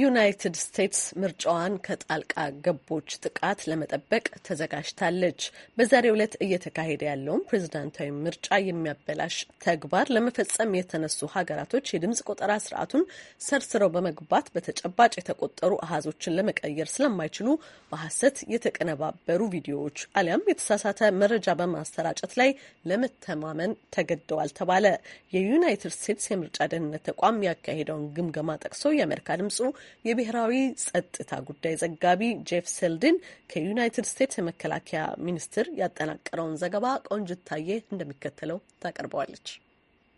ዩናይትድ ስቴትስ ምርጫዋን ከጣልቃ ገቦች ጥቃት ለመጠበቅ ተዘጋጅታለች። በዛሬው ዕለት እየተካሄደ ያለውን ፕሬዝዳንታዊ ምርጫ የሚያበላሽ ተግባር ለመፈጸም የተነሱ ሀገራቶች የድምፅ ቆጠራ ስርዓቱን ሰርስረው በመግባት በተጨባጭ የተቆጠሩ አሃዞችን ለመቀየር ስለማይችሉ በሀሰት የተቀነባበሩ ቪዲዮዎች አሊያም የተሳሳተ መረጃ በማሰራጨት ላይ ለመተማመን ተገደዋል ተባለ። የዩናይትድ ስቴትስ የምርጫ ደህንነት ተቋም ያካሄደውን ግምገማ ጠቅሶ የአሜሪካ ድምጹ የብሔራዊ ጸጥታ ጉዳይ ዘጋቢ ጄፍ ሴልድን ከዩናይትድ ስቴትስ የመከላከያ ሚኒስቴር ያጠናቀረውን ዘገባ ቆንጅታዬ እንደሚከተለው ታቀርበዋለች።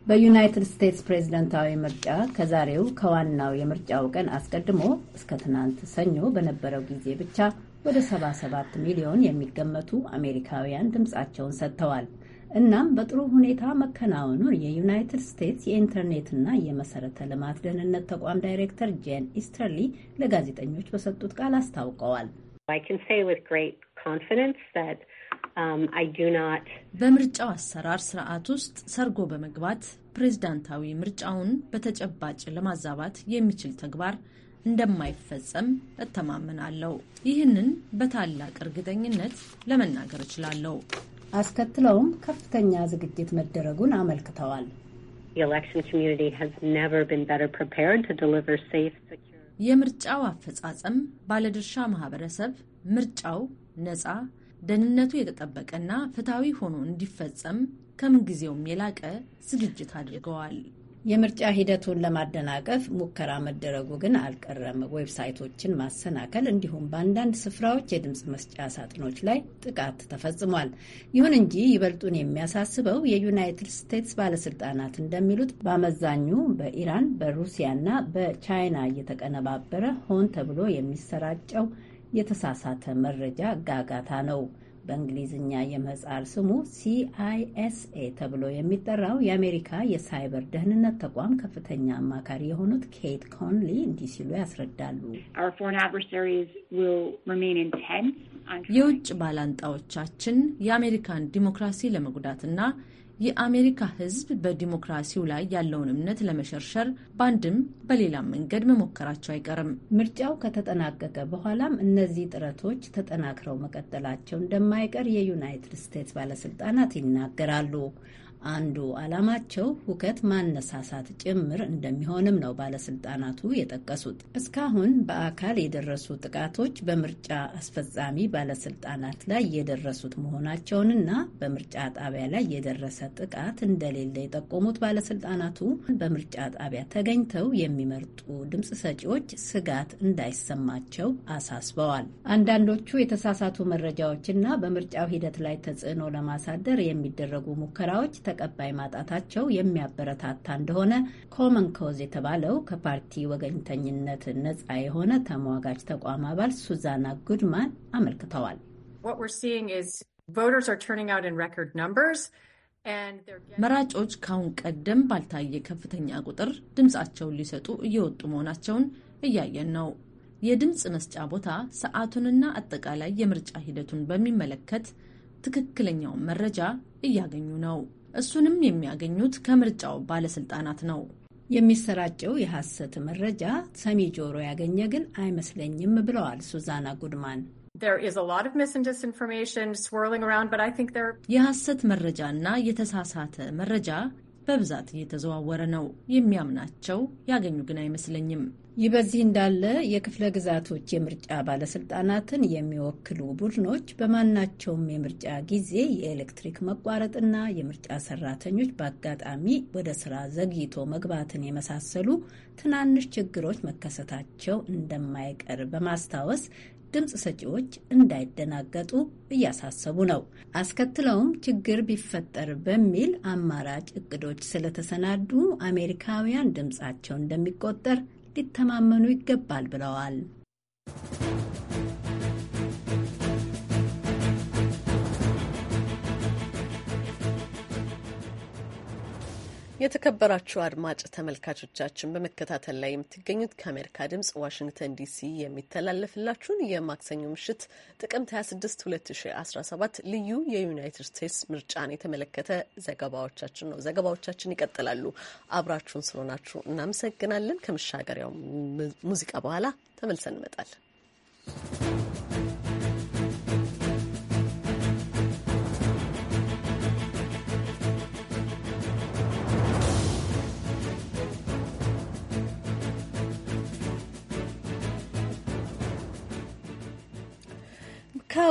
በዩናይትድ ስቴትስ ፕሬዝደንታዊ ምርጫ ከዛሬው ከዋናው የምርጫው ቀን አስቀድሞ እስከ ትናንት ሰኞ በነበረው ጊዜ ብቻ ወደ 77 ሚሊዮን የሚገመቱ አሜሪካውያን ድምጻቸውን ሰጥተዋል። እናም በጥሩ ሁኔታ መከናወኑን የዩናይትድ ስቴትስ የኢንተርኔትና የመሰረተ ልማት ደህንነት ተቋም ዳይሬክተር ጄን ኢስተርሊ ለጋዜጠኞች በሰጡት ቃል አስታውቀዋል። um, በምርጫው አሰራር ስርዓት ውስጥ ሰርጎ በመግባት ፕሬዝዳንታዊ ምርጫውን በተጨባጭ ለማዛባት የሚችል ተግባር እንደማይፈጸም እተማመናለሁ። ይህንን በታላቅ እርግጠኝነት ለመናገር እችላለሁ። አስከትለውም ከፍተኛ ዝግጅት መደረጉን አመልክተዋል። የምርጫው አፈጻጸም ባለድርሻ ማህበረሰብ ምርጫው ነፃ፣ ደህንነቱ የተጠበቀና ፍትሐዊ ሆኖ እንዲፈጸም ከምንጊዜውም የላቀ ዝግጅት አድርገዋል። የምርጫ ሂደቱን ለማደናቀፍ ሙከራ መደረጉ ግን አልቀረም። ዌብሳይቶችን ማሰናከል እንዲሁም በአንዳንድ ስፍራዎች የድምፅ መስጫ ሳጥኖች ላይ ጥቃት ተፈጽሟል። ይሁን እንጂ ይበልጡን የሚያሳስበው የዩናይትድ ስቴትስ ባለስልጣናት እንደሚሉት በአመዛኙ በኢራን በሩሲያና በቻይና እየተቀነባበረ ሆን ተብሎ የሚሰራጨው የተሳሳተ መረጃ ጋጋታ ነው። በእንግሊዝኛ የምህጻር ስሙ ሲአይኤስኤ ተብሎ የሚጠራው የአሜሪካ የሳይበር ደህንነት ተቋም ከፍተኛ አማካሪ የሆኑት ኬት ኮንሊ እንዲህ ሲሉ ያስረዳሉ። የውጭ ባላንጣዎቻችን የአሜሪካን ዲሞክራሲ ለመጉዳትና የአሜሪካ ሕዝብ በዲሞክራሲው ላይ ያለውን እምነት ለመሸርሸር በአንድም በሌላም መንገድ መሞከራቸው አይቀርም። ምርጫው ከተጠናቀቀ በኋላም እነዚህ ጥረቶች ተጠናክረው መቀጠላቸው እንደማይቀር የዩናይትድ ስቴትስ ባለስልጣናት ይናገራሉ። አንዱ ዓላማቸው ሁከት ማነሳሳት ጭምር እንደሚሆንም ነው ባለስልጣናቱ የጠቀሱት። እስካሁን በአካል የደረሱ ጥቃቶች በምርጫ አስፈጻሚ ባለስልጣናት ላይ የደረሱት መሆናቸውንና በምርጫ ጣቢያ ላይ የደረሰ ጥቃት እንደሌለ የጠቆሙት ባለስልጣናቱ በምርጫ ጣቢያ ተገኝተው የሚመርጡ ድምፅ ሰጪዎች ስጋት እንዳይሰማቸው አሳስበዋል። አንዳንዶቹ የተሳሳቱ መረጃዎችና በምርጫው ሂደት ላይ ተጽዕኖ ለማሳደር የሚደረጉ ሙከራዎች ተቀባይ ማጣታቸው የሚያበረታታ እንደሆነ ኮመን ኮዝ የተባለው ከፓርቲ ወገኝተኝነት ነጻ የሆነ ተሟጋጅ ተቋም አባል ሱዛና ጉድማን አመልክተዋል። መራጮች ከአሁን ቀደም ባልታየ ከፍተኛ ቁጥር ድምፃቸውን ሊሰጡ እየወጡ መሆናቸውን እያየን ነው። የድምፅ መስጫ ቦታ ሰዓቱንና አጠቃላይ የምርጫ ሂደቱን በሚመለከት ትክክለኛውን መረጃ እያገኙ ነው። እሱንም የሚያገኙት ከምርጫው ባለስልጣናት ነው። የሚሰራጨው የሐሰት መረጃ ሰሚ ጆሮ ያገኘ ግን አይመስለኝም ብለዋል ሱዛና ጉድማን። የሐሰት መረጃና የተሳሳተ መረጃ በብዛት እየተዘዋወረ ነው። የሚያምናቸው ያገኙ ግን አይመስለኝም። ይህ በዚህ እንዳለ የክፍለ ግዛቶች የምርጫ ባለስልጣናትን የሚወክሉ ቡድኖች በማናቸውም የምርጫ ጊዜ የኤሌክትሪክ መቋረጥና የምርጫ ሰራተኞች በአጋጣሚ ወደ ስራ ዘግይቶ መግባትን የመሳሰሉ ትናንሽ ችግሮች መከሰታቸው እንደማይቀር በማስታወስ ድምፅ ሰጪዎች እንዳይደናገጡ እያሳሰቡ ነው። አስከትለውም ችግር ቢፈጠር በሚል አማራጭ እቅዶች ስለተሰናዱ አሜሪካውያን ድምፃቸው እንደሚቆጠር ሊተማመኑ ይገባል ብለዋል። የተከበራችሁ አድማጭ ተመልካቾቻችን በመከታተል ላይ የምትገኙት ከአሜሪካ ድምጽ ዋሽንግተን ዲሲ የሚተላለፍላችሁን የማክሰኞ ምሽት ጥቅምት 26 2017 ልዩ የዩናይትድ ስቴትስ ምርጫን የተመለከተ ዘገባዎቻችን ነው። ዘገባዎቻችን ይቀጥላሉ። አብራችሁን ስለሆናችሁ እናመሰግናለን። ከመሻገሪያው ሙዚቃ በኋላ ተመልሰን እንመጣለን።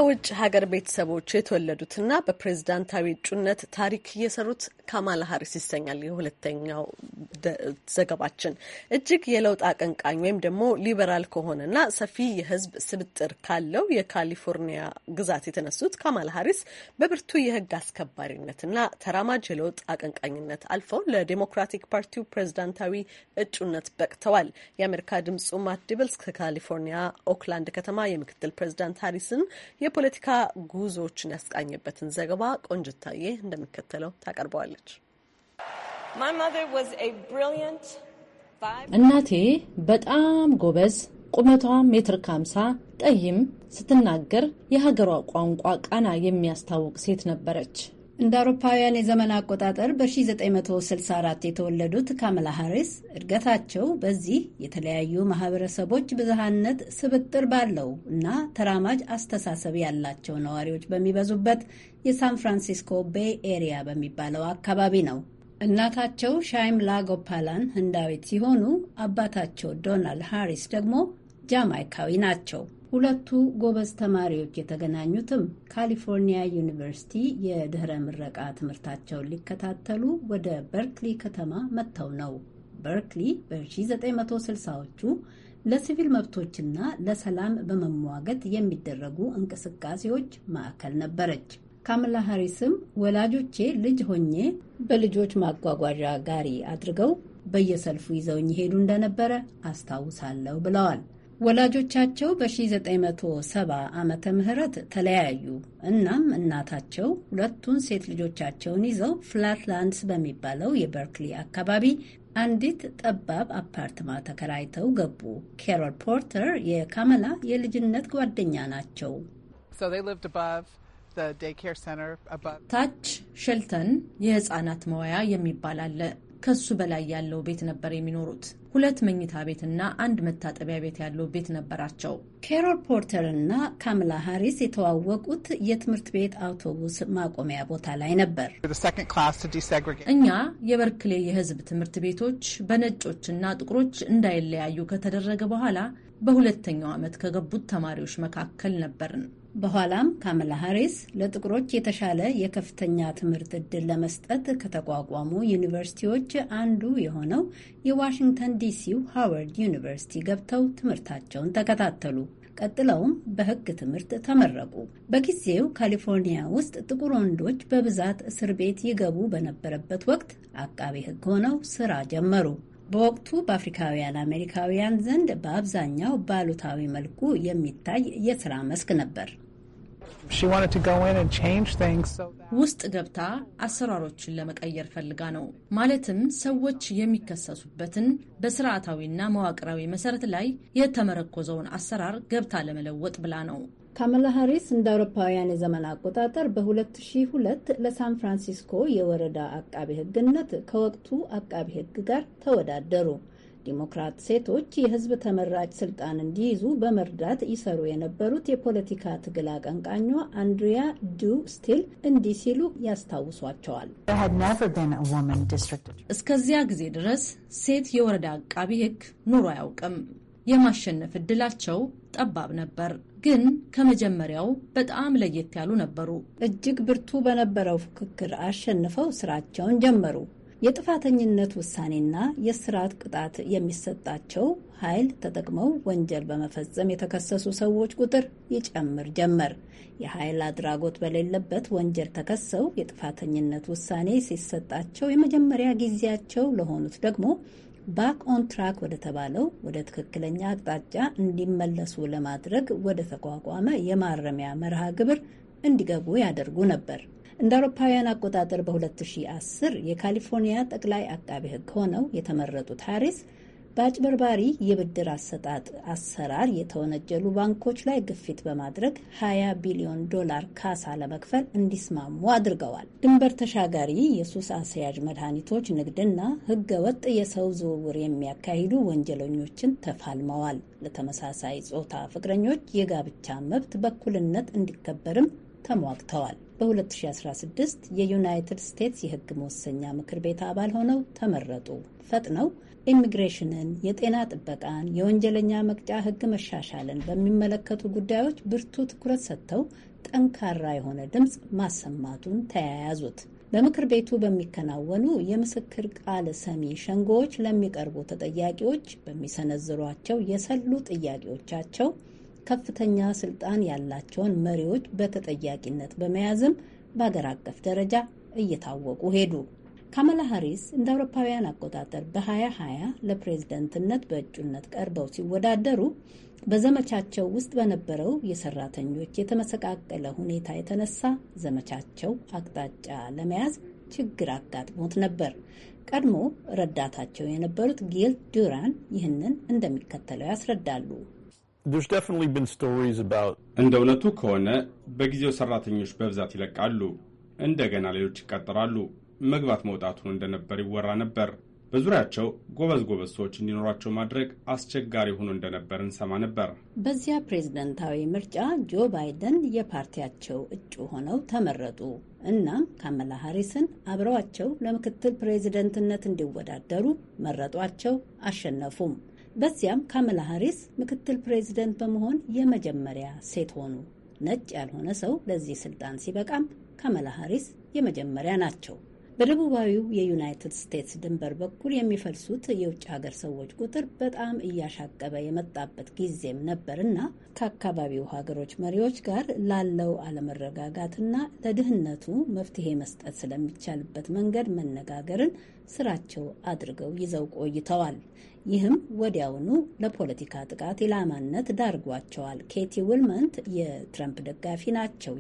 ውጭ ሀገር ቤተሰቦች የተወለዱትና በፕሬዝዳንታዊ እጩነት ታሪክ እየሰሩት ካማላ ሀሪስ ይሰኛል የሁለተኛው ዘገባችን። እጅግ የለውጥ አቀንቃኝ ወይም ደግሞ ሊበራል ከሆነና ሰፊ የህዝብ ስብጥር ካለው የካሊፎርኒያ ግዛት የተነሱት ካማላ ሀሪስ በብርቱ የህግ አስከባሪነትና ተራማጅ የለውጥ አቀንቃኝነት አልፈው ለዴሞክራቲክ ፓርቲው ፕሬዝዳንታዊ እጩነት በቅተዋል። የአሜሪካ ድምጹ ማት ዲብልስ ከካሊፎርኒያ ኦክላንድ ከተማ የምክትል ፕሬዝዳንት ሀሪስን የፖለቲካ ጉዞዎችን ያስቃኝበትን ዘገባ ቆንጅታዬ እንደሚከተለው ታቀርበዋለች። እናቴ በጣም ጎበዝ፣ ቁመቷ ሜትር ካምሳ ጠይም፣ ስትናገር የሀገሯ ቋንቋ ቃና የሚያስታውቅ ሴት ነበረች። እንደ አውሮፓውያን የዘመን አቆጣጠር በ1964 የተወለዱት ካመላ ሃሪስ እድገታቸው በዚህ የተለያዩ ማህበረሰቦች ብዝሃነት ስብጥር ባለው እና ተራማጅ አስተሳሰብ ያላቸው ነዋሪዎች በሚበዙበት የሳን ፍራንሲስኮ ቤይ ኤሪያ በሚባለው አካባቢ ነው። እናታቸው ሻይምላ ጎፓላን ህንዳዊት ሲሆኑ አባታቸው ዶናልድ ሃሪስ ደግሞ ጃማይካዊ ናቸው። ሁለቱ ጎበዝ ተማሪዎች የተገናኙትም ካሊፎርኒያ ዩኒቨርሲቲ የድህረ ምረቃ ትምህርታቸውን ሊከታተሉ ወደ በርክሊ ከተማ መጥተው ነው። በርክሊ በ1960ዎቹ ለሲቪል መብቶችና ለሰላም በመሟገት የሚደረጉ እንቅስቃሴዎች ማዕከል ነበረች። ካምላ ሃሪስም ወላጆቼ ልጅ ሆኜ በልጆች ማጓጓዣ ጋሪ አድርገው በየሰልፉ ይዘውኝ ይሄዱ እንደነበረ አስታውሳለሁ ብለዋል። ወላጆቻቸው በ1970 ዓመተ ምህረት ተለያዩ። እናም እናታቸው ሁለቱን ሴት ልጆቻቸውን ይዘው ፍላትላንድስ በሚባለው የበርክሊ አካባቢ አንዲት ጠባብ አፓርትማ ተከራይተው ገቡ። ኬሮል ፖርተር የካመላ የልጅነት ጓደኛ ናቸው። ታች ሸልተን የህፃናት መዋያ የሚባል አለ። ከሱ በላይ ያለው ቤት ነበር የሚኖሩት። ሁለት መኝታ ቤትና አንድ መታጠቢያ ቤት ያለው ቤት ነበራቸው። ኬሮል ፖርተር እና ካምላ ሃሪስ የተዋወቁት የትምህርት ቤት አውቶቡስ ማቆሚያ ቦታ ላይ ነበር። እኛ የበርክሌ የህዝብ ትምህርት ቤቶች በነጮችና ጥቁሮች እንዳይለያዩ ከተደረገ በኋላ በሁለተኛው ዓመት ከገቡት ተማሪዎች መካከል ነበርን። በኋላም ካመላ ሃሪስ ለጥቁሮች የተሻለ የከፍተኛ ትምህርት ዕድል ለመስጠት ከተቋቋሙ ዩኒቨርሲቲዎች አንዱ የሆነው የዋሽንግተን ዲሲው ሃዋርድ ዩኒቨርሲቲ ገብተው ትምህርታቸውን ተከታተሉ። ቀጥለውም በሕግ ትምህርት ተመረቁ። በጊዜው ካሊፎርኒያ ውስጥ ጥቁር ወንዶች በብዛት እስር ቤት ይገቡ በነበረበት ወቅት አቃቤ ሕግ ሆነው ስራ ጀመሩ። በወቅቱ በአፍሪካውያን አሜሪካውያን ዘንድ በአብዛኛው ባሉታዊ መልኩ የሚታይ የስራ መስክ ነበር። ውስጥ ገብታ አሰራሮችን ለመቀየር ፈልጋ ነው። ማለትም ሰዎች የሚከሰሱበትን በስርዓታዊና መዋቅራዊ መሰረት ላይ የተመረኮዘውን አሰራር ገብታ ለመለወጥ ብላ ነው። ካመላ ሃሪስ እንደ አውሮፓውያን የዘመን አቆጣጠር በ2002 ለሳን ፍራንሲስኮ የወረዳ አቃቤ ሕግነት ከወቅቱ አቃቢ ሕግ ጋር ተወዳደሩ። ዲሞክራት ሴቶች የህዝብ ተመራጭ ስልጣን እንዲይዙ በመርዳት ይሰሩ የነበሩት የፖለቲካ ትግል አቀንቃኟ አንድሪያ ዱ ስቲል እንዲህ ሲሉ ያስታውሷቸዋል። እስከዚያ ጊዜ ድረስ ሴት የወረዳ አቃቢ ህግ ኑሮ አያውቅም። የማሸነፍ እድላቸው ጠባብ ነበር፣ ግን ከመጀመሪያው በጣም ለየት ያሉ ነበሩ። እጅግ ብርቱ በነበረው ፉክክር አሸንፈው ስራቸውን ጀመሩ። የጥፋተኝነት ውሳኔና የስርዓት ቅጣት የሚሰጣቸው ኃይል ተጠቅመው ወንጀል በመፈጸም የተከሰሱ ሰዎች ቁጥር ይጨምር ጀመር። የኃይል አድራጎት በሌለበት ወንጀል ተከሰው የጥፋተኝነት ውሳኔ ሲሰጣቸው የመጀመሪያ ጊዜያቸው ለሆኑት ደግሞ ባክ ኦን ትራክ ወደ ተባለው ወደ ትክክለኛ አቅጣጫ እንዲመለሱ ለማድረግ ወደ ተቋቋመ የማረሚያ መርሃ ግብር እንዲገቡ ያደርጉ ነበር። እንደ አውሮፓውያን አቆጣጠር በ2010 የካሊፎርኒያ ጠቅላይ አቃቢ ሕግ ሆነው የተመረጡት ሃሪስ በአጭበርባሪ የብድር አሰጣጥ አሰራር የተወነጀሉ ባንኮች ላይ ግፊት በማድረግ 20 ቢሊዮን ዶላር ካሳ ለመክፈል እንዲስማሙ አድርገዋል። ድንበር ተሻጋሪ የሱስ አስያዥ መድኃኒቶች ንግድና ሕገ ወጥ የሰው ዝውውር የሚያካሂዱ ወንጀለኞችን ተፋልመዋል። ለተመሳሳይ ጾታ ፍቅረኞች የጋብቻ መብት በኩልነት እንዲከበርም ተሟግተዋል። በ2016 የዩናይትድ ስቴትስ የሕግ መወሰኛ ምክር ቤት አባል ሆነው ተመረጡ። ፈጥነው ኢሚግሬሽንን፣ የጤና ጥበቃን፣ የወንጀለኛ መቅጫ ሕግ መሻሻልን በሚመለከቱ ጉዳዮች ብርቱ ትኩረት ሰጥተው ጠንካራ የሆነ ድምፅ ማሰማቱን ተያያዙት። በምክር ቤቱ በሚከናወኑ የምስክር ቃል ሰሚ ሸንጎዎች ለሚቀርቡ ተጠያቂዎች በሚሰነዝሯቸው የሰሉ ጥያቄዎቻቸው ከፍተኛ ስልጣን ያላቸውን መሪዎች በተጠያቂነት በመያዝም በአገር አቀፍ ደረጃ እየታወቁ ሄዱ። ካማላ ሃሪስ እንደ አውሮፓውያን አቆጣጠር በ2020 ለፕሬዝደንትነት በእጩነት ቀርበው ሲወዳደሩ በዘመቻቸው ውስጥ በነበረው የሰራተኞች የተመሰቃቀለ ሁኔታ የተነሳ ዘመቻቸው አቅጣጫ ለመያዝ ችግር አጋጥሞት ነበር። ቀድሞ ረዳታቸው የነበሩት ጊል ዱራን ይህንን እንደሚከተለው ያስረዳሉ። እንደ እውነቱ ከሆነ በጊዜው ሰራተኞች በብዛት ይለቃሉ፣ እንደገና ሌሎች ይቀጠራሉ። መግባት መውጣቱን እንደነበር ይወራ ነበር። በዙሪያቸው ጎበዝ ጎበዝ ሰዎች እንዲኖሯቸው ማድረግ አስቸጋሪ ሆኖ እንደነበር እንሰማ ነበር። በዚያ ፕሬዝደንታዊ ምርጫ ጆ ባይደን የፓርቲያቸው እጩ ሆነው ተመረጡ። እናም ካመላ ሃሪስን አብረዋቸው ለምክትል ፕሬዝደንትነት እንዲወዳደሩ መረጧቸው፣ አሸነፉም። በዚያም ካመላ ሃሪስ ምክትል ፕሬዚደንት በመሆን የመጀመሪያ ሴት ሆኑ። ነጭ ያልሆነ ሰው ለዚህ ስልጣን ሲበቃም ካመላ ሃሪስ የመጀመሪያ ናቸው። በደቡባዊው የዩናይትድ ስቴትስ ድንበር በኩል የሚፈልሱት የውጭ ሀገር ሰዎች ቁጥር በጣም እያሻቀበ የመጣበት ጊዜም ነበርና ከአካባቢው ሀገሮች መሪዎች ጋር ላለው አለመረጋጋትና ለድህነቱ መፍትሄ መስጠት ስለሚቻልበት መንገድ መነጋገርን ስራቸው አድርገው ይዘው ቆይተዋል። ይህም ወዲያውኑ ለፖለቲካ ጥቃት ኢላማነት ዳርጓቸዋል። ኬቲ ውልመንት የትረምፕ ደጋፊ ናቸው።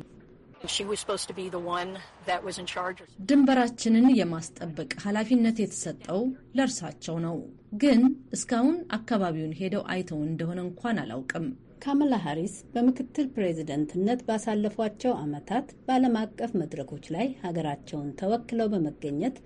ድንበራችንን የማስጠበቅ ኃላፊነት የተሰጠው ለእርሳቸው ነው። ግን እስካሁን አካባቢውን ሄደው አይተው እንደሆነ እንኳን አላውቅም። ካማላ ሃሪስ በምክትል ፕሬዚደንትነት ባሳለፏቸው ዓመታት በዓለም አቀፍ መድረኮች ላይ ሀገራቸውን ተወክለው በመገኘት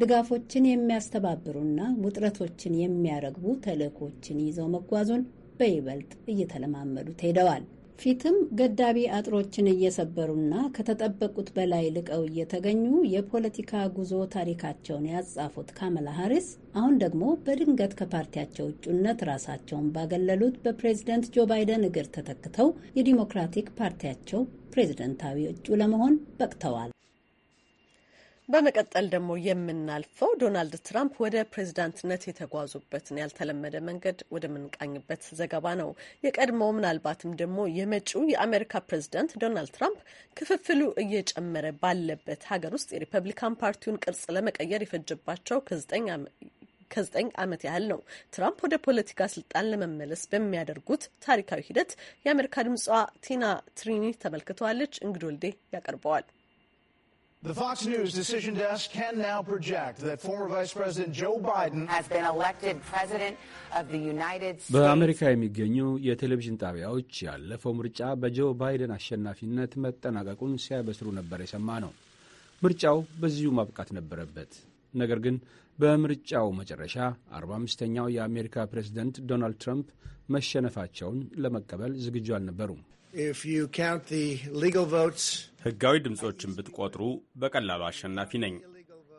ድጋፎችን የሚያስተባብሩና ውጥረቶችን የሚያረግቡ ተልዕኮችን ይዘው መጓዙን በይበልጥ እየተለማመዱት ሄደዋል። ፊትም ገዳቢ አጥሮችን እየሰበሩና ከተጠበቁት በላይ ልቀው እየተገኙ የፖለቲካ ጉዞ ታሪካቸውን ያጻፉት ካመላ ሀሪስ አሁን ደግሞ በድንገት ከፓርቲያቸው እጩነት ራሳቸውን ባገለሉት በፕሬዝደንት ጆ ባይደን እግር ተተክተው የዲሞክራቲክ ፓርቲያቸው ፕሬዝደንታዊ እጩ ለመሆን በቅተዋል። በመቀጠል ደግሞ የምናልፈው ዶናልድ ትራምፕ ወደ ፕሬዝዳንትነት የተጓዙበትን ያልተለመደ መንገድ ወደምንቃኝበት ዘገባ ነው። የቀድሞው ምናልባትም ደግሞ የመጪው የአሜሪካ ፕሬዝዳንት ዶናልድ ትራምፕ ክፍፍሉ እየጨመረ ባለበት ሀገር ውስጥ የሪፐብሊካን ፓርቲውን ቅርጽ ለመቀየር የፈጀባቸው ከዘጠኝ ከዘጠኝ ዓመት ያህል ነው። ትራምፕ ወደ ፖለቲካ ስልጣን ለመመለስ በሚያደርጉት ታሪካዊ ሂደት የአሜሪካ ድምጿ ቲና ትሪኒ ተመልክተዋለች። እንግዶልዴ ያቀርበዋል። The Fox News decision desk can now project that former Vice President Joe Biden has been elected president of the United States. በአሜሪካ የሚገኙ የቴሌቪዥን ጣቢያዎች ያለፈው ምርጫ በጆ ባይደን አሸናፊነት መጠናቀቁን ሲያበስሩ ነበር የሰማ ነው። ምርጫው በዚሁ ማብቃት ነበረበት። ነገር ግን በምርጫው መጨረሻ 45ኛው የአሜሪካ ፕሬዝደንት ዶናልድ ትራምፕ መሸነፋቸውን ለመቀበል ዝግጁ አልነበሩም። ህጋዊ ድምፆችን ብትቆጥሩ በቀላሉ አሸናፊ ነኝ።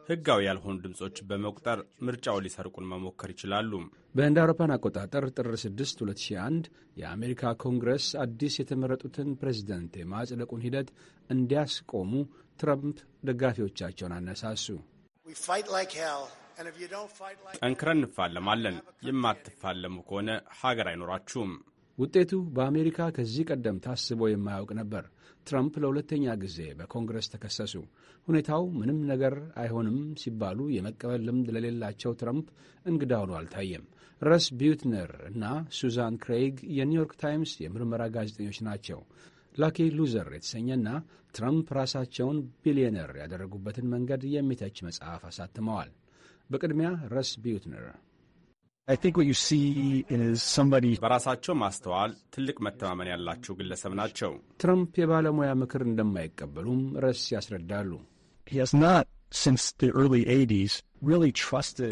ህጋዊ ያልሆኑ ድምፆች በመቁጠር ምርጫው ሊሰርቁን መሞከር ይችላሉ። በእንደ አውሮፓን አቆጣጠር ጥር 6 2001 የአሜሪካ ኮንግረስ አዲስ የተመረጡትን ፕሬዚደንት የማጽደቁን ሂደት እንዲያስቆሙ ትራምፕ ደጋፊዎቻቸውን አነሳሱ። ጠንክረን እንፋለማለን። የማትፋለሙ ከሆነ ሀገር አይኖራችሁም። ውጤቱ በአሜሪካ ከዚህ ቀደም ታስቦ የማያውቅ ነበር። ትራምፕ ለሁለተኛ ጊዜ በኮንግረስ ተከሰሱ። ሁኔታው ምንም ነገር አይሆንም ሲባሉ የመቀበል ልምድ ለሌላቸው ትራምፕ እንግዳ ሆኖ አልታየም። ረስ ቢዩትነር እና ሱዛን ክሬይግ የኒውዮርክ ታይምስ የምርመራ ጋዜጠኞች ናቸው። ላኪ ሉዘር የተሰኘና ትራምፕ ራሳቸውን ቢሊዮነር ያደረጉበትን መንገድ የሚተች መጽሐፍ አሳትመዋል። በቅድሚያ ረስ ቢዩትነር በራሳቸው ማስተዋል ትልቅ መተማመን ያላቸው ግለሰብ ናቸው። ትራምፕ የባለሙያ ምክር እንደማይቀበሉም ረስ ያስረዳሉ።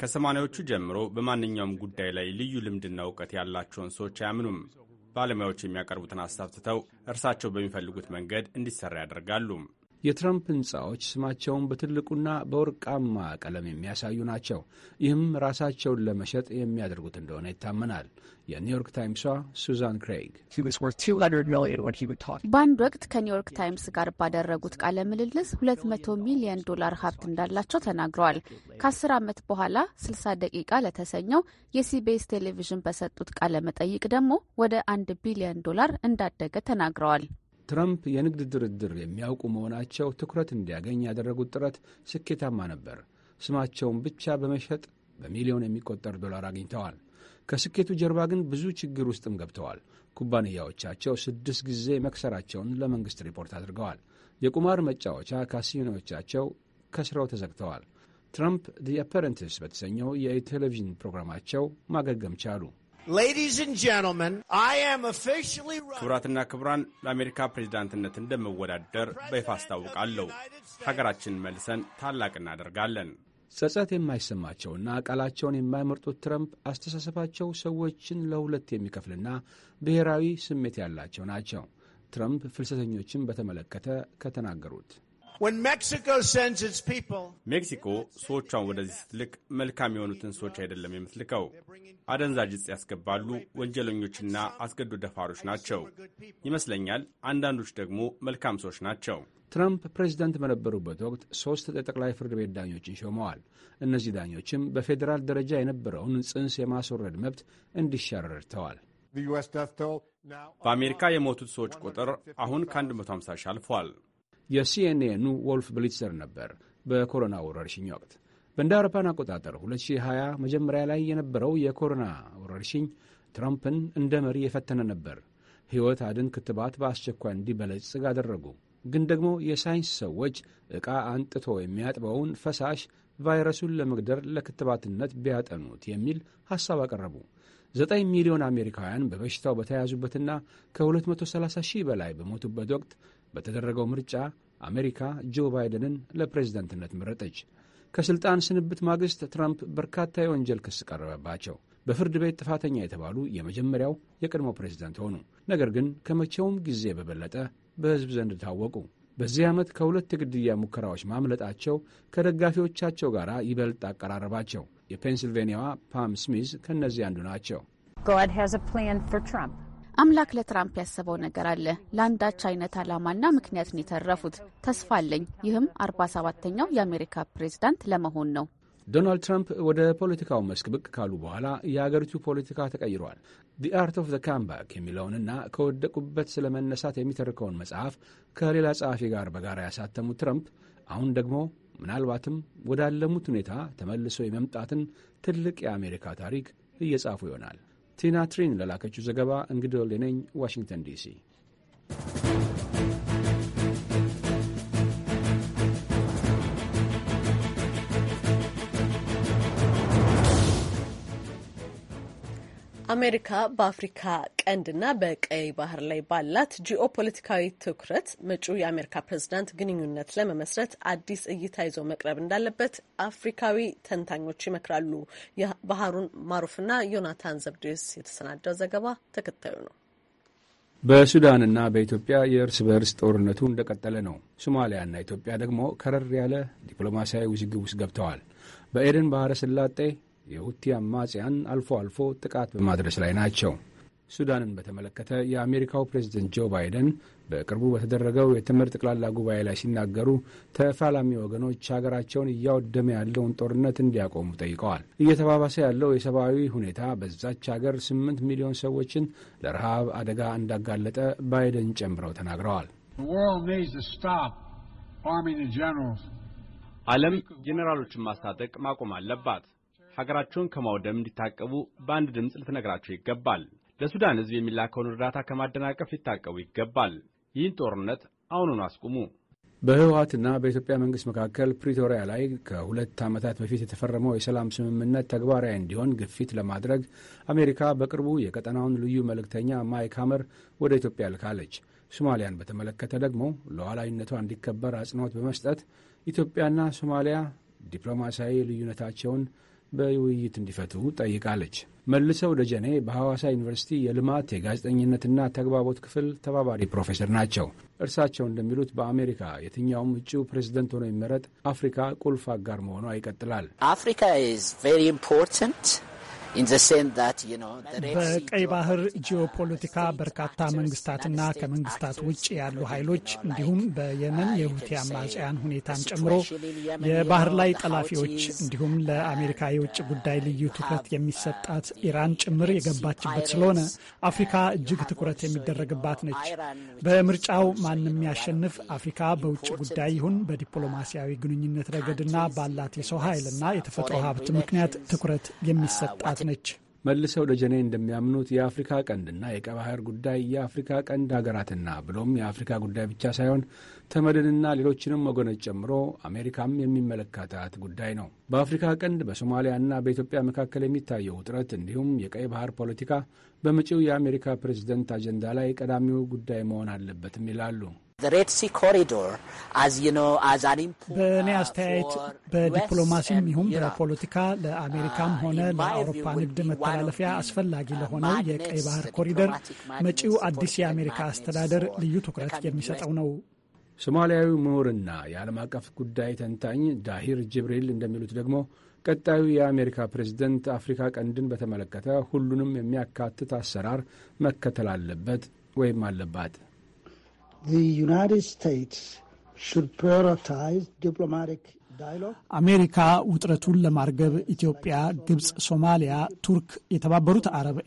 ከሰማኒያዎቹ ጀምሮ በማንኛውም ጉዳይ ላይ ልዩ ልምድና እውቀት ያላቸውን ሰዎች አያምኑም። ባለሙያዎች የሚያቀርቡትን ሀሳብ ትተው እርሳቸው በሚፈልጉት መንገድ እንዲሰራ ያደርጋሉ። የትራምፕ ሕንፃዎች ስማቸውን በትልቁና በወርቃማ ቀለም የሚያሳዩ ናቸው። ይህም ራሳቸውን ለመሸጥ የሚያደርጉት እንደሆነ ይታመናል። የኒውዮርክ ታይምሷ ሱዛን ክሬግ በአንድ ወቅት ከኒውዮርክ ታይምስ ጋር ባደረጉት ቃለ ምልልስ 200 ሚሊዮን ዶላር ሀብት እንዳላቸው ተናግረዋል። ከ10 ዓመት በኋላ 60 ደቂቃ ለተሰኘው የሲቢኤስ ቴሌቪዥን በሰጡት ቃለ መጠይቅ ደግሞ ወደ 1 ቢሊዮን ዶላር እንዳደገ ተናግረዋል። ትራምፕ የንግድ ድርድር የሚያውቁ መሆናቸው ትኩረት እንዲያገኝ ያደረጉት ጥረት ስኬታማ ነበር። ስማቸውን ብቻ በመሸጥ በሚሊዮን የሚቆጠር ዶላር አግኝተዋል። ከስኬቱ ጀርባ ግን ብዙ ችግር ውስጥም ገብተዋል። ኩባንያዎቻቸው ስድስት ጊዜ መክሰራቸውን ለመንግሥት ሪፖርት አድርገዋል። የቁማር መጫወቻ ካሲኖዎቻቸው ከስረው ተዘግተዋል። ትራምፕ ዲ አፐረንትስ በተሰኘው የቴሌቪዥን ፕሮግራማቸው ማገገም ቻሉ። ክቡራትና ክቡራን ለአሜሪካ ፕሬዚዳንትነት እንደመወዳደር በይፋ አስታውቃለሁ። ሀገራችንን መልሰን ታላቅ እናደርጋለን። ጸጸት የማይሰማቸውና ቃላቸውን የማይመርጡት ትረምፕ አስተሳሰባቸው ሰዎችን ለሁለት የሚከፍልና ብሔራዊ ስሜት ያላቸው ናቸው። ትረምፕ ፍልሰተኞችን በተመለከተ ከተናገሩት ሜክሲኮ ሰዎቿን ወደዚህ ስትልክ መልካም የሆኑትን ሰዎች አይደለም የምትልከው። አደንዛዥ ዕፅ ያስገባሉ፣ ወንጀለኞችና አስገዶ ደፋሮች ናቸው። ይመስለኛል አንዳንዶች ደግሞ መልካም ሰዎች ናቸው። ትራምፕ ፕሬዚዳንት በነበሩበት ወቅት ሶስት የጠቅላይ ፍርድ ቤት ዳኞችን ሾመዋል። እነዚህ ዳኞችም በፌዴራል ደረጃ የነበረውን ጽንስ የማስወረድ መብት እንዲሻር ረድተዋል። በአሜሪካ የሞቱት ሰዎች ቁጥር አሁን ከ150 ሺህ አልፏል። የሲኤንኤኑ ወልፍ ብሊትሰር ነበር። በኮሮና ወረርሽኝ ወቅት በእንደ አውሮፓን አቆጣጠር 2020 መጀመሪያ ላይ የነበረው የኮሮና ወረርሽኝ ትራምፕን እንደ መሪ የፈተነ ነበር። ሕይወት አድን ክትባት በአስቸኳይ እንዲበለጽግ አደረጉ። ግን ደግሞ የሳይንስ ሰዎች ዕቃ አንጥቶ የሚያጥበውን ፈሳሽ ቫይረሱን ለመግደር ለክትባትነት ቢያጠኑት የሚል ሐሳብ አቀረቡ። 9 ሚሊዮን አሜሪካውያን በበሽታው በተያዙበትና ከ230 ሺህ በላይ በሞቱበት ወቅት በተደረገው ምርጫ አሜሪካ ጆ ባይደንን ለፕሬዝደንትነት መረጠች። ከሥልጣን ስንብት ማግስት ትራምፕ በርካታ የወንጀል ክስ ቀረበባቸው። በፍርድ ቤት ጥፋተኛ የተባሉ የመጀመሪያው የቀድሞ ፕሬዝደንት ሆኑ። ነገር ግን ከመቼውም ጊዜ በበለጠ በሕዝብ ዘንድ ታወቁ። በዚህ ዓመት ከሁለት የግድያ ሙከራዎች ማምለጣቸው ከደጋፊዎቻቸው ጋር ይበልጥ አቀራረባቸው። የፔንስልቬንያዋ ፓም ስሚዝ ከእነዚህ አንዱ ናቸው። God has አምላክ ለትራምፕ ያሰበው ነገር አለ። ለአንዳች አይነት ዓላማና ምክንያት ነው የተረፉት። ተስፋ አለኝ። ይህም አርባ ሰባተኛው የአሜሪካ ፕሬዝዳንት ለመሆን ነው። ዶናልድ ትራምፕ ወደ ፖለቲካው መስክ ብቅ ካሉ በኋላ የአገሪቱ ፖለቲካ ተቀይሯል። ዲ አርት ኦፍ ዘ ካምባክ የሚለውንና ከወደቁበት ስለ መነሳት የሚተርከውን መጽሐፍ ከሌላ ጸሐፊ ጋር በጋራ ያሳተሙት ትራምፕ አሁን ደግሞ ምናልባትም ወዳለሙት ሁኔታ ተመልሶ የመምጣትን ትልቅ የአሜሪካ ታሪክ እየጻፉ ይሆናል። ቲና ትሪን ለላከችው ዘገባ እንግዲህ ሌነኝ ዋሽንግተን ዲሲ አሜሪካ በአፍሪካ ቀንድና በቀይ ባህር ላይ ባላት ጂኦ ፖለቲካዊ ትኩረት መጪው የአሜሪካ ፕሬዝዳንት ግንኙነት ለመመስረት አዲስ እይታ ይዞ መቅረብ እንዳለበት አፍሪካዊ ተንታኞች ይመክራሉ። ባህሩን ማሩፍና ዮናታን ዘብዴስ የተሰናዳው ዘገባ ተከታዩ ነው። በሱዳንና በኢትዮጵያ የእርስ በእርስ ጦርነቱ እንደቀጠለ ነው። ሶማሊያና ኢትዮጵያ ደግሞ ከረር ያለ ዲፕሎማሲያዊ ውዝግብ ውስጥ ገብተዋል። በኤደን ባህረ ስላጤ የሁቲ አማጽያን አልፎ አልፎ ጥቃት በማድረስ ላይ ናቸው። ሱዳንን በተመለከተ የአሜሪካው ፕሬዝደንት ጆ ባይደን በቅርቡ በተደረገው የትምህርት ጠቅላላ ጉባኤ ላይ ሲናገሩ ተፋላሚ ወገኖች ሀገራቸውን እያወደመ ያለውን ጦርነት እንዲያቆሙ ጠይቀዋል። እየተባባሰ ያለው የሰብአዊ ሁኔታ በዛች ሀገር ስምንት ሚሊዮን ሰዎችን ለረሃብ አደጋ እንዳጋለጠ ባይደን ጨምረው ተናግረዋል። ዓለም ጄኔራሎችን ማስታጠቅ ማቆም አለባት። አገራቸውን ከማውደም እንዲታቀቡ በአንድ ድምፅ ልትነግራቸው ይገባል። ለሱዳን ሕዝብ የሚላከውን እርዳታ ከማደናቀፍ ሊታቀቡ ይገባል። ይህን ጦርነት አሁኑን አስቁሙ። በህወሀትና በኢትዮጵያ መንግስት መካከል ፕሪቶሪያ ላይ ከሁለት ዓመታት በፊት የተፈረመው የሰላም ስምምነት ተግባራዊ እንዲሆን ግፊት ለማድረግ አሜሪካ በቅርቡ የቀጠናውን ልዩ መልእክተኛ ማይክ ሀመር ወደ ኢትዮጵያ ልካለች። ሶማሊያን በተመለከተ ደግሞ ሉዓላዊነቷ እንዲከበር አጽንኦት በመስጠት ኢትዮጵያና ሶማሊያ ዲፕሎማሲያዊ ልዩነታቸውን በውይይት እንዲፈቱ ጠይቃለች። መልሰው ደጀኔ በሐዋሳ ዩኒቨርሲቲ የልማት የጋዜጠኝነትና ተግባቦት ክፍል ተባባሪ ፕሮፌሰር ናቸው። እርሳቸው እንደሚሉት በአሜሪካ የትኛውም እጩ ፕሬዝደንት ሆኖ ይመረጥ አፍሪካ ቁልፍ አጋር መሆኗ ይቀጥላል። አፍሪካ ኢዝ ኢምፖርታንት በቀይ ባህር ጂኦፖለቲካ በርካታ መንግስታትና ከመንግስታት ውጭ ያሉ ኃይሎች እንዲሁም በየመን uh, የሁቲ አማጽያን ሁኔታን ጨምሮ የባህር ላይ ጠላፊዎች እንዲሁም ለአሜሪካ የውጭ ጉዳይ uh, ልዩ ትኩረት የሚሰጣት ኢራን ጭምር የገባችበት ስለሆነ አፍሪካ uh, እጅግ ትኩረት የሚደረግባት ነች። በምርጫው ማንም ያሸንፍ፣ አፍሪካ በውጭ ጉዳይ ይሁን በዲፕሎማሲያዊ ግንኙነት ረገድና ባላት የሰው ኃይልና የተፈጥሮ ሀብት ምክንያት ትኩረት የሚሰጣት ወጣት ነች። መልሰው ደጀኔ እንደሚያምኑት የአፍሪካ ቀንድና የቀይ ባህር ጉዳይ የአፍሪካ ቀንድ ሀገራትና ብሎም የአፍሪካ ጉዳይ ብቻ ሳይሆን ተመድንና ሌሎችንም ወገኖች ጨምሮ አሜሪካም የሚመለከታት ጉዳይ ነው። በአፍሪካ ቀንድ በሶማሊያና በኢትዮጵያ መካከል የሚታየው ውጥረት እንዲሁም የቀይ ባህር ፖለቲካ በመጪው የአሜሪካ ፕሬዝደንት አጀንዳ ላይ ቀዳሚው ጉዳይ መሆን አለበትም ይላሉ። በእኔ አስተያየት በዲፕሎማሲም ይሁን በፖለቲካ ለአሜሪካም uh, ሆነ ለአውሮፓ ንግድ መተላለፊያ አስፈላጊ ለሆነው የቀይ ባህር ኮሪደር መጪው አዲስ የአሜሪካ አስተዳደር ልዩ ትኩረት የሚሰጠው ነው። ሶማሊያዊ ምሁርና የዓለም አቀፍ ጉዳይ ተንታኝ ዳሂር ጅብሪል እንደሚሉት ደግሞ ቀጣዩ የአሜሪካ ፕሬዝደንት አፍሪካ ቀንድን በተመለከተ ሁሉንም የሚያካትት አሰራር መከተል አለበት ወይም አለባት። the United States should prioritize diplomatic አሜሪካ ውጥረቱን ለማርገብ ኢትዮጵያ፣ ግብፅ፣ ሶማሊያ፣ ቱርክ፣ የተባበሩት አረብ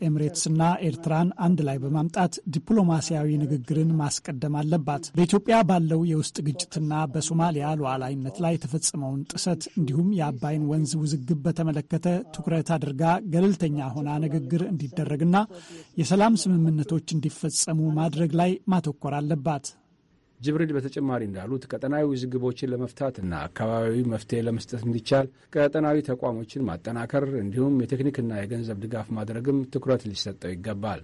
ና ኤርትራን አንድ ላይ በማምጣት ዲፕሎማሲያዊ ንግግርን ማስቀደም አለባት። በኢትዮጵያ ባለው የውስጥ ግጭትና በሶማሊያ ሉዓላዊነት ላይ የተፈጸመውን ጥሰት እንዲሁም የአባይን ወንዝ ውዝግብ በተመለከተ ትኩረት አድርጋ ገለልተኛ ሆና ንግግር እንዲደረግና የሰላም ስምምነቶች እንዲፈጸሙ ማድረግ ላይ ማተኮር አለባት። ጅብሪል በተጨማሪ እንዳሉት ቀጠናዊ ውዝግቦችን ለመፍታትና አካባቢያዊ መፍትሄ ለመስጠት እንዲቻል ቀጠናዊ ተቋሞችን ማጠናከር እንዲሁም የቴክኒክና የገንዘብ ድጋፍ ማድረግም ትኩረት ሊሰጠው ይገባል።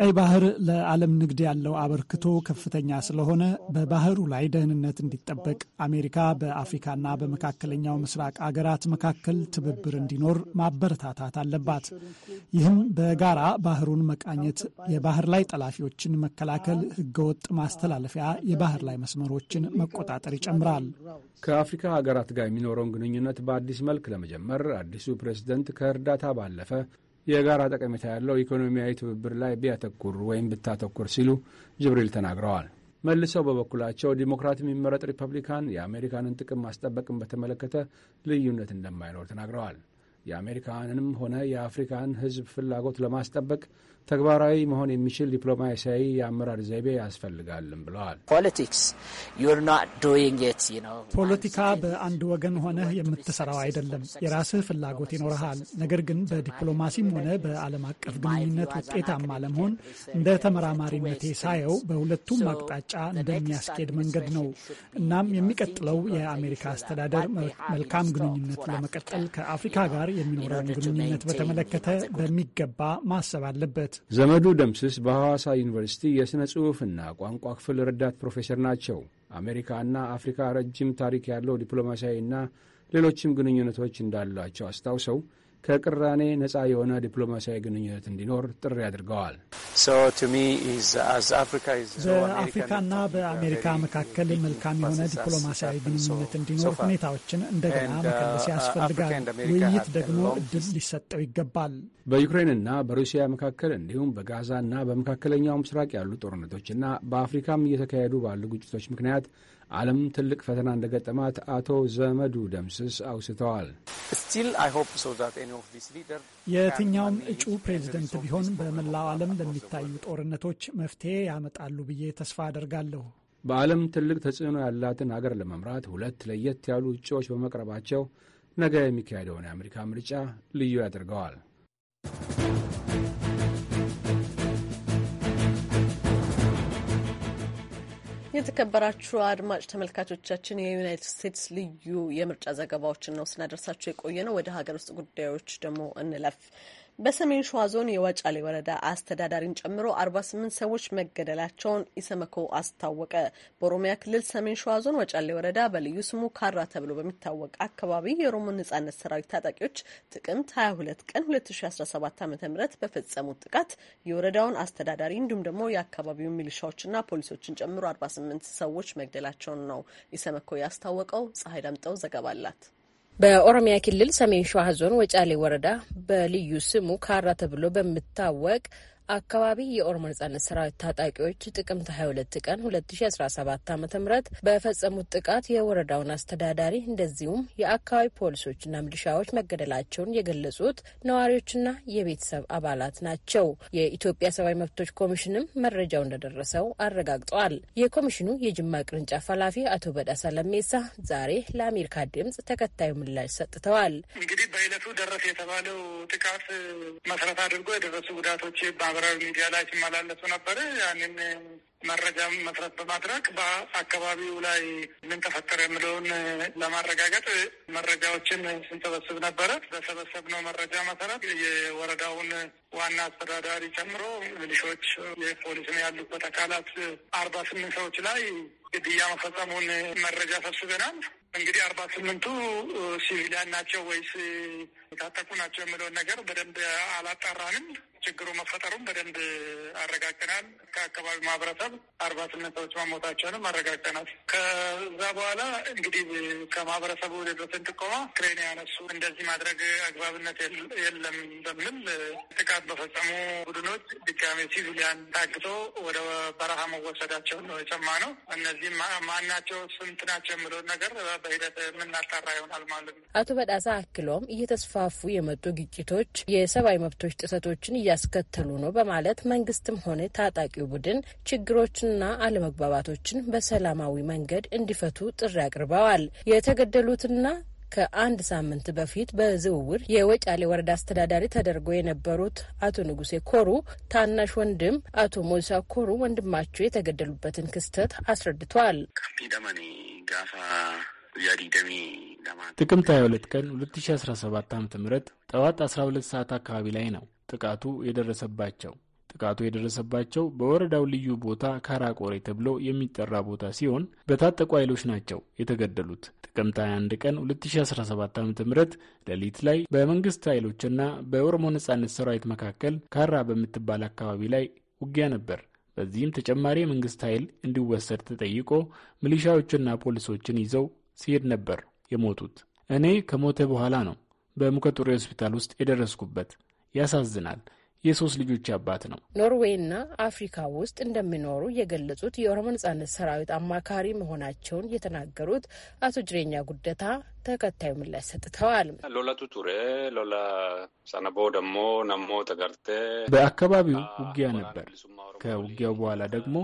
ቀይ ባህር ለዓለም ንግድ ያለው አበርክቶ ከፍተኛ ስለሆነ በባህሩ ላይ ደህንነት እንዲጠበቅ አሜሪካ በአፍሪካና በመካከለኛው ምስራቅ አገራት መካከል ትብብር እንዲኖር ማበረታታት አለባት። ይህም በጋራ ባህሩን መቃኘት፣ የባህር ላይ ጠላፊዎችን መከላከል፣ ህገወጥ ማስተላለፊያ የባህር ላይ መስመሮችን መቆጣጠር ይጨምራል። ከአፍሪካ ሀገራት ጋር የሚኖረውን ግንኙነት በአዲስ መልክ ለመጀመር አዲሱ ፕሬዝደንት ከእርዳታ ባለፈ የጋራ ጠቀሜታ ያለው ኢኮኖሚያዊ ትብብር ላይ ቢያተኩር ወይም ብታተኩር ሲሉ ጅብሪል ተናግረዋል። መልሰው በበኩላቸው ዲሞክራት የሚመረጥ ሪፐብሊካን የአሜሪካንን ጥቅም ማስጠበቅን በተመለከተ ልዩነት እንደማይኖር ተናግረዋል። የአሜሪካንም ሆነ የአፍሪካን ሕዝብ ፍላጎት ለማስጠበቅ ተግባራዊ መሆን የሚችል ዲፕሎማሲያዊ የአመራር ዘይቤ ያስፈልጋልም ብለዋል። ፖለቲካ በአንድ ወገን ሆነህ የምትሰራው አይደለም። የራስህ ፍላጎት ይኖረሃል ነገር ግን በዲፕሎማሲም ሆነ በዓለም አቀፍ ግንኙነት ውጤታማ ለመሆን እንደ ተመራማሪነቴ ሳየው በሁለቱም አቅጣጫ እንደሚያስኬድ መንገድ ነው። እናም የሚቀጥለው የአሜሪካ አስተዳደር መልካም ግንኙነት ለመቀጠል ከአፍሪካ ጋር የሚኖረውን ግንኙነት በተመለከተ በሚገባ ማሰብ አለበት። አለበት። ዘመዱ ደምስስ በሐዋሳ ዩኒቨርሲቲ የሥነ ጽሑፍና ቋንቋ ክፍል ረዳት ፕሮፌሰር ናቸው። አሜሪካና አፍሪካ ረጅም ታሪክ ያለው ዲፕሎማሲያዊና ሌሎችም ግንኙነቶች እንዳሏቸው አስታውሰው ከቅራኔ ነጻ የሆነ ዲፕሎማሲያዊ ግንኙነት እንዲኖር ጥሪ አድርገዋል። በአፍሪካና በአሜሪካ uh, መካከል መልካም የሆነ ዲፕሎማሲያዊ ግንኙነት እንዲኖር ሁኔታዎችን እንደገና መከለስ uh, ያስፈልጋል። ውይይት ደግሞ እድል ሊሰጠው ይገባል። በዩክሬንና በሩሲያ መካከል እንዲሁም በጋዛና በመካከለኛው ምስራቅ ያሉ ጦርነቶችና በአፍሪካም እየተካሄዱ ባሉ ግጭቶች ምክንያት ዓለም ትልቅ ፈተና እንደገጠማት አቶ ዘመዱ ደምስስ አውስተዋል። የትኛውም እጩ ፕሬዝደንት ቢሆን በመላው ዓለም ለሚታዩ ጦርነቶች መፍትሄ ያመጣሉ ብዬ ተስፋ አደርጋለሁ። በዓለም ትልቅ ተጽዕኖ ያላትን አገር ለመምራት ሁለት ለየት ያሉ እጩዎች በመቅረባቸው ነገ የሚካሄደውን የአሜሪካ ምርጫ ልዩ ያደርገዋል። የተከበራችሁ አድማጭ ተመልካቾቻችን የዩናይትድ ስቴትስ ልዩ የምርጫ ዘገባዎችን ነው ስናደርሳችሁ የቆየ ነው። ወደ ሀገር ውስጥ ጉዳዮች ደግሞ እንለፍ። በሰሜን ሸዋ ዞን የወጫሌ ወረዳ አስተዳዳሪን ጨምሮ 48 ሰዎች መገደላቸውን ኢሰመኮ አስታወቀ። በኦሮሚያ ክልል ሰሜን ሸዋ ዞን ወጫሌ ወረዳ በልዩ ስሙ ካራ ተብሎ በሚታወቅ አካባቢ የኦሮሞ ነጻነት ሰራዊት ታጣቂዎች ጥቅምት 22 ቀን 2017 ዓ ም በፈጸሙት ጥቃት የወረዳውን አስተዳዳሪ እንዲሁም ደግሞ የአካባቢው ሚሊሻዎችና ፖሊሶችን ጨምሮ 48 ሰዎች መግደላቸውን ነው ኢሰመኮ ያስታወቀው። ፀሐይ ዳምጠው ዘገባ አላት። በኦሮሚያ ክልል ሰሜን ሸዋ ዞን ወጫሌ ወረዳ በልዩ ስሙ ካራ ተብሎ በሚታወቅ አካባቢ የኦሮሞ ነጻነት ሰራዊት ታጣቂዎች ጥቅምት 22 ቀን 2017 ዓ ም በፈጸሙት ጥቃት የወረዳውን አስተዳዳሪ እንደዚሁም የአካባቢ ፖሊሶችና ምልሻዎች መገደላቸውን የገለጹት ነዋሪዎችና የቤተሰብ አባላት ናቸው። የኢትዮጵያ ሰብአዊ መብቶች ኮሚሽንም መረጃው እንደደረሰው አረጋግጠዋል። የኮሚሽኑ የጅማ ቅርንጫፍ ኃላፊ አቶ በዳሳ ለሜሳ ዛሬ ለአሜሪካ ድምጽ ተከታዩ ምላሽ ሰጥተዋል። እንግዲህ በአይነቱ ደረስ የተባለው ጥቃት መሰረት አድርጎ የደረሱ ጉዳቶች ማህበራዊ ሚዲያ ላይ ሲመላለሱ ነበረ። ያንን መረጃ መሰረት በማድረግ በአካባቢው ላይ ምን ተፈጠረ የሚለውን ለማረጋገጥ መረጃዎችን ስንሰበስብ ነበረ። በሰበሰብነው መረጃ መሰረት የወረዳውን ዋና አስተዳዳሪ ጨምሮ ሚሊሾች፣ የፖሊስን ያሉበት አካላት አርባ ስምንት ሰዎች ላይ ግድያ መፈጸሙን መረጃ ሰብስበናል። እንግዲህ አርባ ስምንቱ ሲቪሊያን ናቸው ወይስ የታጠቁ ናቸው የሚለውን ነገር በደንብ አላጣራንም። ችግሩ መፈጠሩን በደንብ አረጋግጠናል። ከአካባቢ ማህበረሰብ አርባ ስምንት ሰዎች መሞታቸውንም አረጋግጠናል። ከዛ በኋላ እንግዲህ ከማህበረሰቡ የደረሰን ጥቆማ ክሬን ያነሱ እንደዚህ ማድረግ አግባብነት የለም በሚል ጥቃት በፈጸሙ ቡድኖች ድጋሜ ሲቪሊያን ታግቶ ወደ በረሃ መወሰዳቸውን ነው የሰማነው። እነዚህም ማናቸው ስንት ናቸው የሚለውን ነገር በሂደት የምናጣራ ይሆናል ማለት ነው። አቶ በዳሳ አክሎም እየተስፋፉ የመጡ ግጭቶች የሰብአዊ መብቶች ጥሰቶችን እያ እያስከተሉ ነው በማለት መንግስትም ሆነ ታጣቂው ቡድን ችግሮችንና አለመግባባቶችን በሰላማዊ መንገድ እንዲፈቱ ጥሪ አቅርበዋል። የተገደሉትና ከአንድ ሳምንት በፊት በዝውውር የወጫሌ ወረዳ አስተዳዳሪ ተደርገው የነበሩት አቶ ንጉሴ ኮሩ ታናሽ ወንድም አቶ ሞሳ ኮሩ ወንድማቸው የተገደሉበትን ክስተት አስረድቷል። ጥቅምት 22 ቀን 2017 ዓ ም ጠዋት 12 ሰዓት አካባቢ ላይ ነው ጥቃቱ የደረሰባቸው። ጥቃቱ የደረሰባቸው በወረዳው ልዩ ቦታ ካራቆሬ ተብሎ የሚጠራ ቦታ ሲሆን በታጠቁ ኃይሎች ናቸው የተገደሉት። ጥቅምት 21 ቀን 2017 ዓ ም ሌሊት ላይ በመንግስት ኃይሎችና በኦሮሞ ነጻነት ሰራዊት መካከል ካራ በምትባል አካባቢ ላይ ውጊያ ነበር። በዚህም ተጨማሪ የመንግስት ኃይል እንዲወሰድ ተጠይቆ ሚሊሻዎችና ፖሊሶችን ይዘው ሲሄድ ነበር የሞቱት። እኔ ከሞተ በኋላ ነው በሙከጡሬ ሆስፒታል ውስጥ የደረስኩበት ያሳዝናል። የሶስት ልጆች አባት ነው። ኖርዌይና አፍሪካ ውስጥ እንደሚኖሩ የገለጹት የኦሮሞ ነጻነት ሰራዊት አማካሪ መሆናቸውን የተናገሩት አቶ ጅሬኛ ጉደታ ተከታዩ ምላሽ ሰጥተዋል። ሎላቱ ቱሬ ሎላ ሰነቦ ደሞ ነሞ ተገርቴ በአካባቢው ውጊያ ነበር። ከውጊያው በኋላ ደግሞ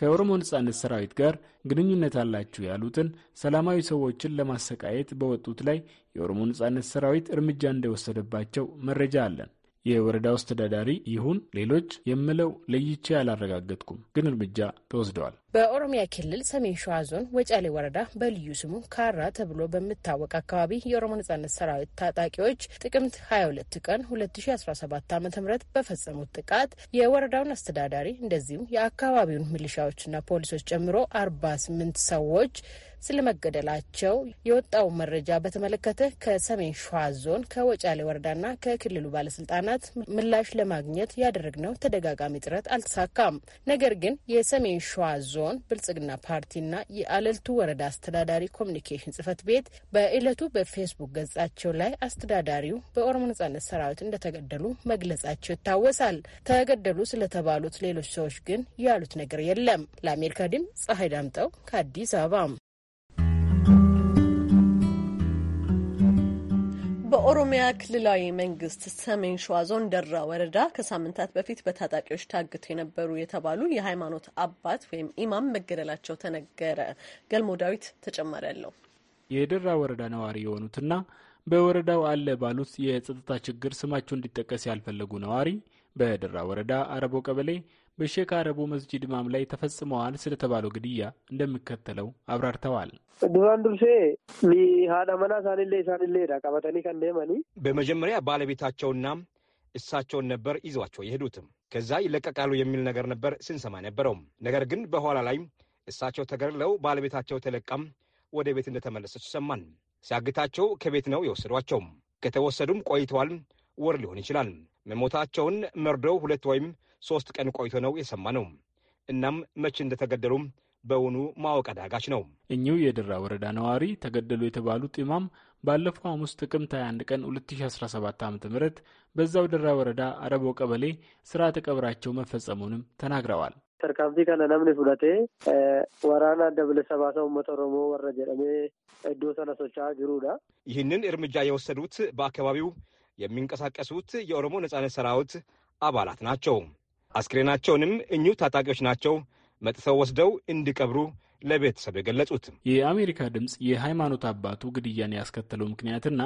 ከኦሮሞ ነጻነት ሰራዊት ጋር ግንኙነት አላችሁ ያሉትን ሰላማዊ ሰዎችን ለማሰቃየት በወጡት ላይ የኦሮሞ ነጻነት ሰራዊት እርምጃ እንደወሰደባቸው መረጃ አለን። የወረዳው አስተዳዳሪ ይሁን ሌሎች የምለው ለይቼ አላረጋገጥኩም፣ ግን እርምጃ ተወስደዋል። በኦሮሚያ ክልል ሰሜን ሸዋ ዞን ወጫሌ ወረዳ በልዩ ስሙ ካራ ተብሎ በሚታወቅ አካባቢ የኦሮሞ ነጻነት ሰራዊት ታጣቂዎች ጥቅምት 22 ቀን 2017 ዓ ም በፈጸሙት ጥቃት የወረዳውን አስተዳዳሪ እንደዚሁም የአካባቢውን ሚሊሻዎችና ፖሊሶች ጨምሮ 48 ሰዎች ስለመገደላቸው የወጣው መረጃ በተመለከተ ከሰሜን ሸዋ ዞን ከወጫሌ ወረዳና ከክልሉ ባለስልጣናት ምላሽ ለማግኘት ያደረግነው ተደጋጋሚ ጥረት አልተሳካም። ነገር ግን የሰሜን ሸዋ ዞን ብልጽግና ፓርቲና የአለልቱ ወረዳ አስተዳዳሪ ኮሚኒኬሽን ጽህፈት ቤት በእለቱ በፌስቡክ ገጻቸው ላይ አስተዳዳሪው በኦሮሞ ነጻነት ሰራዊት እንደተገደሉ መግለጻቸው ይታወሳል። ተገደሉ ስለተባሉት ሌሎች ሰዎች ግን ያሉት ነገር የለም። ለአሜሪካ ድምፅ ፀሐይ ዳምጠው ከአዲስ አበባ በኦሮሚያ ክልላዊ መንግስት ሰሜን ሸዋ ዞን ደራ ወረዳ ከሳምንታት በፊት በታጣቂዎች ታግተው የነበሩ የተባሉ የሃይማኖት አባት ወይም ኢማም መገደላቸው ተነገረ። ገልሞ ዳዊት ተጨማሪ አለው። የደራ ወረዳ ነዋሪ የሆኑትና በወረዳው አለ ባሉት የጸጥታ ችግር ስማቸው እንዲጠቀስ ያልፈለጉ ነዋሪ በደራ ወረዳ አረቦ ቀበሌ በሼክ አረቡ መስጂድ ማም ላይ ተፈጽመዋል ስለተባለው ግድያ እንደሚከተለው አብራርተዋል። ዱራን ዱርሴ ሀዳ መና ሳንሌ ሳንሌ ቀበተኒ ከንደመኒ በመጀመሪያ ባለቤታቸውና እሳቸውን ነበር ይዟቸው የሄዱትም። ከዛ ይለቀቃሉ የሚል ነገር ነበር ስንሰማ ነበረውም። ነገር ግን በኋላ ላይ እሳቸው ተገድለው ባለቤታቸው ተለቃም ወደ ቤት እንደተመለሰች ሰማን። ሲያግታቸው ከቤት ነው የወሰዷቸው። ከተወሰዱም ቆይተዋል፣ ወር ሊሆን ይችላል። መሞታቸውን መርዶው ሁለት ወይም ሶስት ቀን ቆይቶ ነው የሰማ ነው። እናም መቼ እንደተገደሉም በውኑ ማወቅ አዳጋች ነው። እኚሁ የድራ ወረዳ ነዋሪ ተገደሉ የተባሉ ጢማም ባለፈው ሐሙስ ጥቅምት 21 ቀን 2017 ዓ ም በዛው ድራ ወረዳ አረቦ ቀበሌ ስርዓተ ቀብራቸው መፈጸሙንም ተናግረዋል። ሰርካፊ ከነ ነምን ፍለቴ ወራና ደብለ ሰባሰ ኡመተ ኦሮሞ ወረ ጀደሜ እዶ ሰነሶቻ ጅሩዳ ይህንን እርምጃ የወሰዱት በአካባቢው የሚንቀሳቀሱት የኦሮሞ ነጻነት ሰራዊት አባላት ናቸው። አስክሬናቸውንም እኚሁ ታጣቂዎች ናቸው መጥተው ወስደው እንዲቀብሩ ለቤተሰብ የገለጹት። የአሜሪካ ድምፅ የሃይማኖት አባቱ ግድያን ያስከተለው ምክንያትና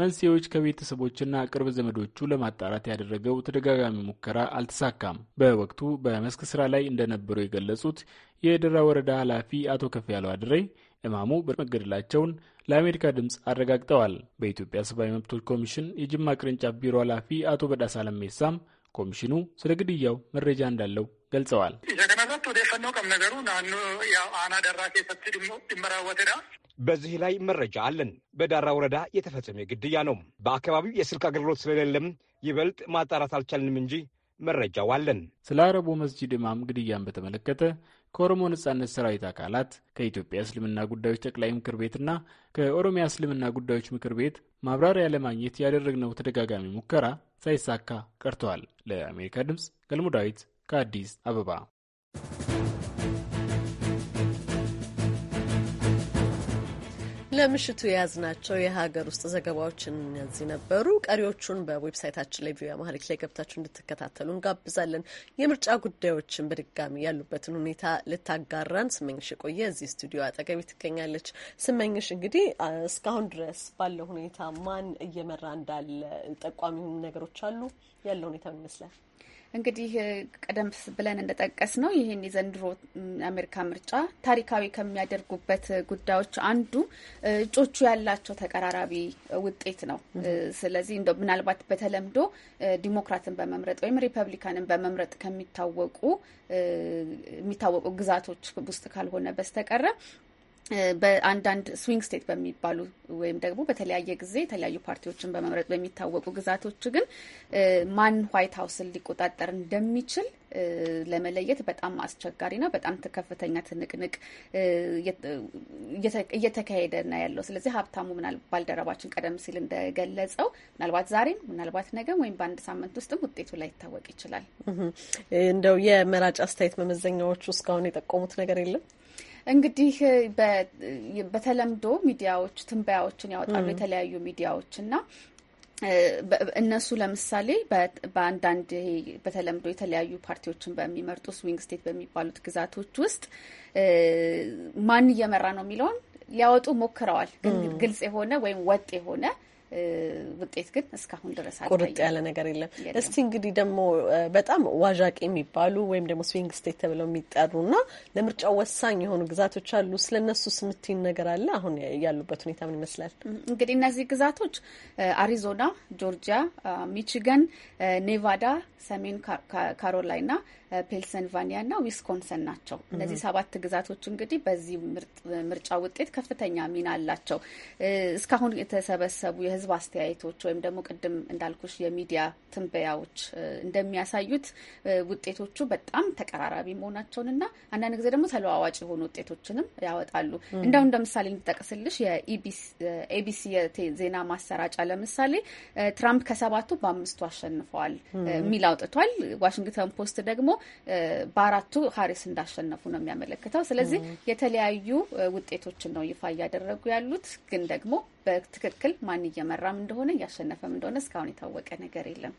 መንስኤዎች ከቤተሰቦችና ቅርብ ዘመዶቹ ለማጣራት ያደረገው ተደጋጋሚ ሙከራ አልተሳካም። በወቅቱ በመስክ ስራ ላይ እንደነበሩ የገለጹት የደራ ወረዳ ኃላፊ አቶ ከፍ ያለው አድረይ እማሙ በመገደላቸውን ለአሜሪካ ድምፅ አረጋግጠዋል። በኢትዮጵያ ሰብአዊ መብቶች ኮሚሽን የጅማ ቅርንጫፍ ቢሮ ኃላፊ አቶ በዳሳ ለሜሳም ኮሚሽኑ ስለ ግድያው መረጃ እንዳለው ገልጸዋል። በዚህ ላይ መረጃ አለን። በዳራ ወረዳ የተፈጸመ ግድያ ነው። በአካባቢው የስልክ አገልግሎት ስለሌለም ይበልጥ ማጣራት አልቻልንም እንጂ መረጃው አለን። ስለ አረቡ መስጂድ ኢማም ግድያን በተመለከተ ከኦሮሞ ነጻነት ሰራዊት አካላት ከኢትዮጵያ እስልምና ጉዳዮች ጠቅላይ ምክር ቤትና ከኦሮሚያ እስልምና ጉዳዮች ምክር ቤት ማብራሪያ ለማግኘት ያደረግነው ተደጋጋሚ ሙከራ ሳይሳካ ቀርተዋል። ለአሜሪካ ድምፅ ገልሙ ዳዊት ከአዲስ አበባ ለምሽቱ የያዝናቸው የሀገር ውስጥ ዘገባዎች እነዚህ ነበሩ። ቀሪዎቹን በዌብሳይታችን ላይ ቪኦኤ አማሪክ ላይ ገብታችሁ እንድትከታተሉ እንጋብዛለን። የምርጫ ጉዳዮችን በድጋሚ ያሉበትን ሁኔታ ልታጋራን ስመኝሽ የቆየ እዚህ ስቱዲዮ አጠገቢ ትገኛለች። ስመኝሽ፣ እንግዲህ እስካሁን ድረስ ባለው ሁኔታ ማን እየመራ እንዳለ ጠቋሚ ነገሮች አሉ። ያለው ሁኔታ ይመስላል እንግዲህ ቀደም ብለን እንደጠቀስ ነው ይህን የዘንድሮ አሜሪካ ምርጫ ታሪካዊ ከሚያደርጉበት ጉዳዮች አንዱ እጮቹ ያላቸው ተቀራራቢ ውጤት ነው። ስለዚህ እንደው ምናልባት በተለምዶ ዲሞክራትን በመምረጥ ወይም ሪፐብሊካንን በመምረጥ ከሚታወቁ የሚታወቁ ግዛቶች ውስጥ ካልሆነ በስተቀረ በአንዳንድ ስዊንግ ስቴት በሚባሉ ወይም ደግሞ በተለያየ ጊዜ የተለያዩ ፓርቲዎችን በመምረጥ በሚታወቁ ግዛቶች ግን ማን ዋይት ሀውስን ሊቆጣጠር እንደሚችል ለመለየት በጣም አስቸጋሪ ነው በጣም ከፍተኛ ትንቅንቅ እየተካሄደ ና ያለው። ስለዚህ ሀብታሙ ባልደረባችን ቀደም ሲል እንደገለጸው ምናልባት ዛሬም ምናልባት ነገም ወይም በአንድ ሳምንት ውስጥም ውጤቱ ላይ ይታወቅ ይችላል። እንደው የመራጭ አስተያየት መመዘኛዎቹ እስካሁን የጠቆሙት ነገር የለም። እንግዲህ በተለምዶ ሚዲያዎች ትንበያዎችን ያወጣሉ የተለያዩ ሚዲያዎች እና እነሱ ለምሳሌ በአንዳንድ በተለምዶ የተለያዩ ፓርቲዎችን በሚመርጡ ስዊንግ ስቴት በሚባሉት ግዛቶች ውስጥ ማን እየመራ ነው የሚለውን ሊያወጡ ሞክረዋል። ግን ግልጽ የሆነ ወይም ወጥ የሆነ ውጤት ግን እስካሁን ድረስ ቁርጥ ያለ ነገር የለም። እስቲ እንግዲህ ደግሞ በጣም ዋዣቂ የሚባሉ ወይም ደግሞ ስዊንግ ስቴት ተብለው የሚጠሩና ለምርጫው ወሳኝ የሆኑ ግዛቶች አሉ። ስለ እነሱ ስምትኝ ነገር አለ። አሁን ያሉበት ሁኔታ ምን ይመስላል? እንግዲህ እነዚህ ግዛቶች አሪዞና፣ ጆርጂያ፣ ሚችገን፣ ኔቫዳ፣ ሰሜን ካሮላይና ፔንስልቫኒያ እና ዊስኮንሰን ናቸው። እነዚህ ሰባት ግዛቶች እንግዲህ በዚህ ምርጫ ውጤት ከፍተኛ ሚና አላቸው። እስካሁን የተሰበሰቡ የህዝብ አስተያየቶች ወይም ደግሞ ቅድም እንዳልኩሽ የሚዲያ ትንበያዎች እንደሚያሳዩት ውጤቶቹ በጣም ተቀራራቢ መሆናቸውን እና አንዳንድ ጊዜ ደግሞ ተለዋዋጭ የሆኑ ውጤቶችንም ያወጣሉ። እንደው እንደ ምሳሌ እንድጠቅስልሽ የኤቢሲ የዜና ማሰራጫ ለምሳሌ ትራምፕ ከሰባቱ በአምስቱ አሸንፈዋል የሚል አውጥቷል። ዋሽንግተን ፖስት ደግሞ በአራቱ ሀሪስ እንዳሸነፉ ነው የሚያመለክተው። ስለዚህ የተለያዩ ውጤቶችን ነው ይፋ እያደረጉ ያሉት ግን ደግሞ በትክክል ማን እየመራም እንደሆነ እያሸነፈም እንደሆነ እስካሁን የታወቀ ነገር የለም።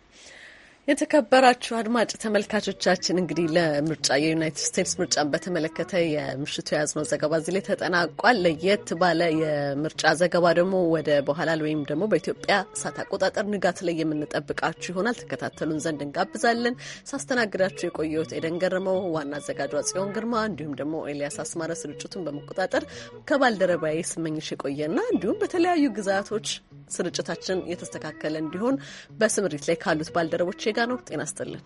የተከበራችሁ አድማጭ ተመልካቾቻችን እንግዲህ ለምርጫ የዩናይትድ ስቴትስ ምርጫን በተመለከተ የምሽቱ የያዝነው ዘገባ እዚህ ላይ ተጠናቋል። ለየት ባለ የምርጫ ዘገባ ደግሞ ወደ በኋላ ወይም ደግሞ በኢትዮጵያ ሰዓት አቆጣጠር ንጋት ላይ የምንጠብቃችሁ ይሆናል። ተከታተሉን ዘንድ እንጋብዛለን። ሳስተናግዳችሁ የቆየሁት ኤደን ገረመው፣ ዋና አዘጋጇ ጽዮን ግርማ፣ እንዲሁም ደግሞ ኤልያስ አስማረ ስርጭቱን በመቆጣጠር ከባልደረባዬ ስመኝሽ የቆየና እንዲሁም በተለያዩ ግዛቶች ስርጭታችን የተስተካከለ እንዲሆን በስምሪት ላይ ካሉት ባልደረቦች ዳኖ ጤና ይስጥልን።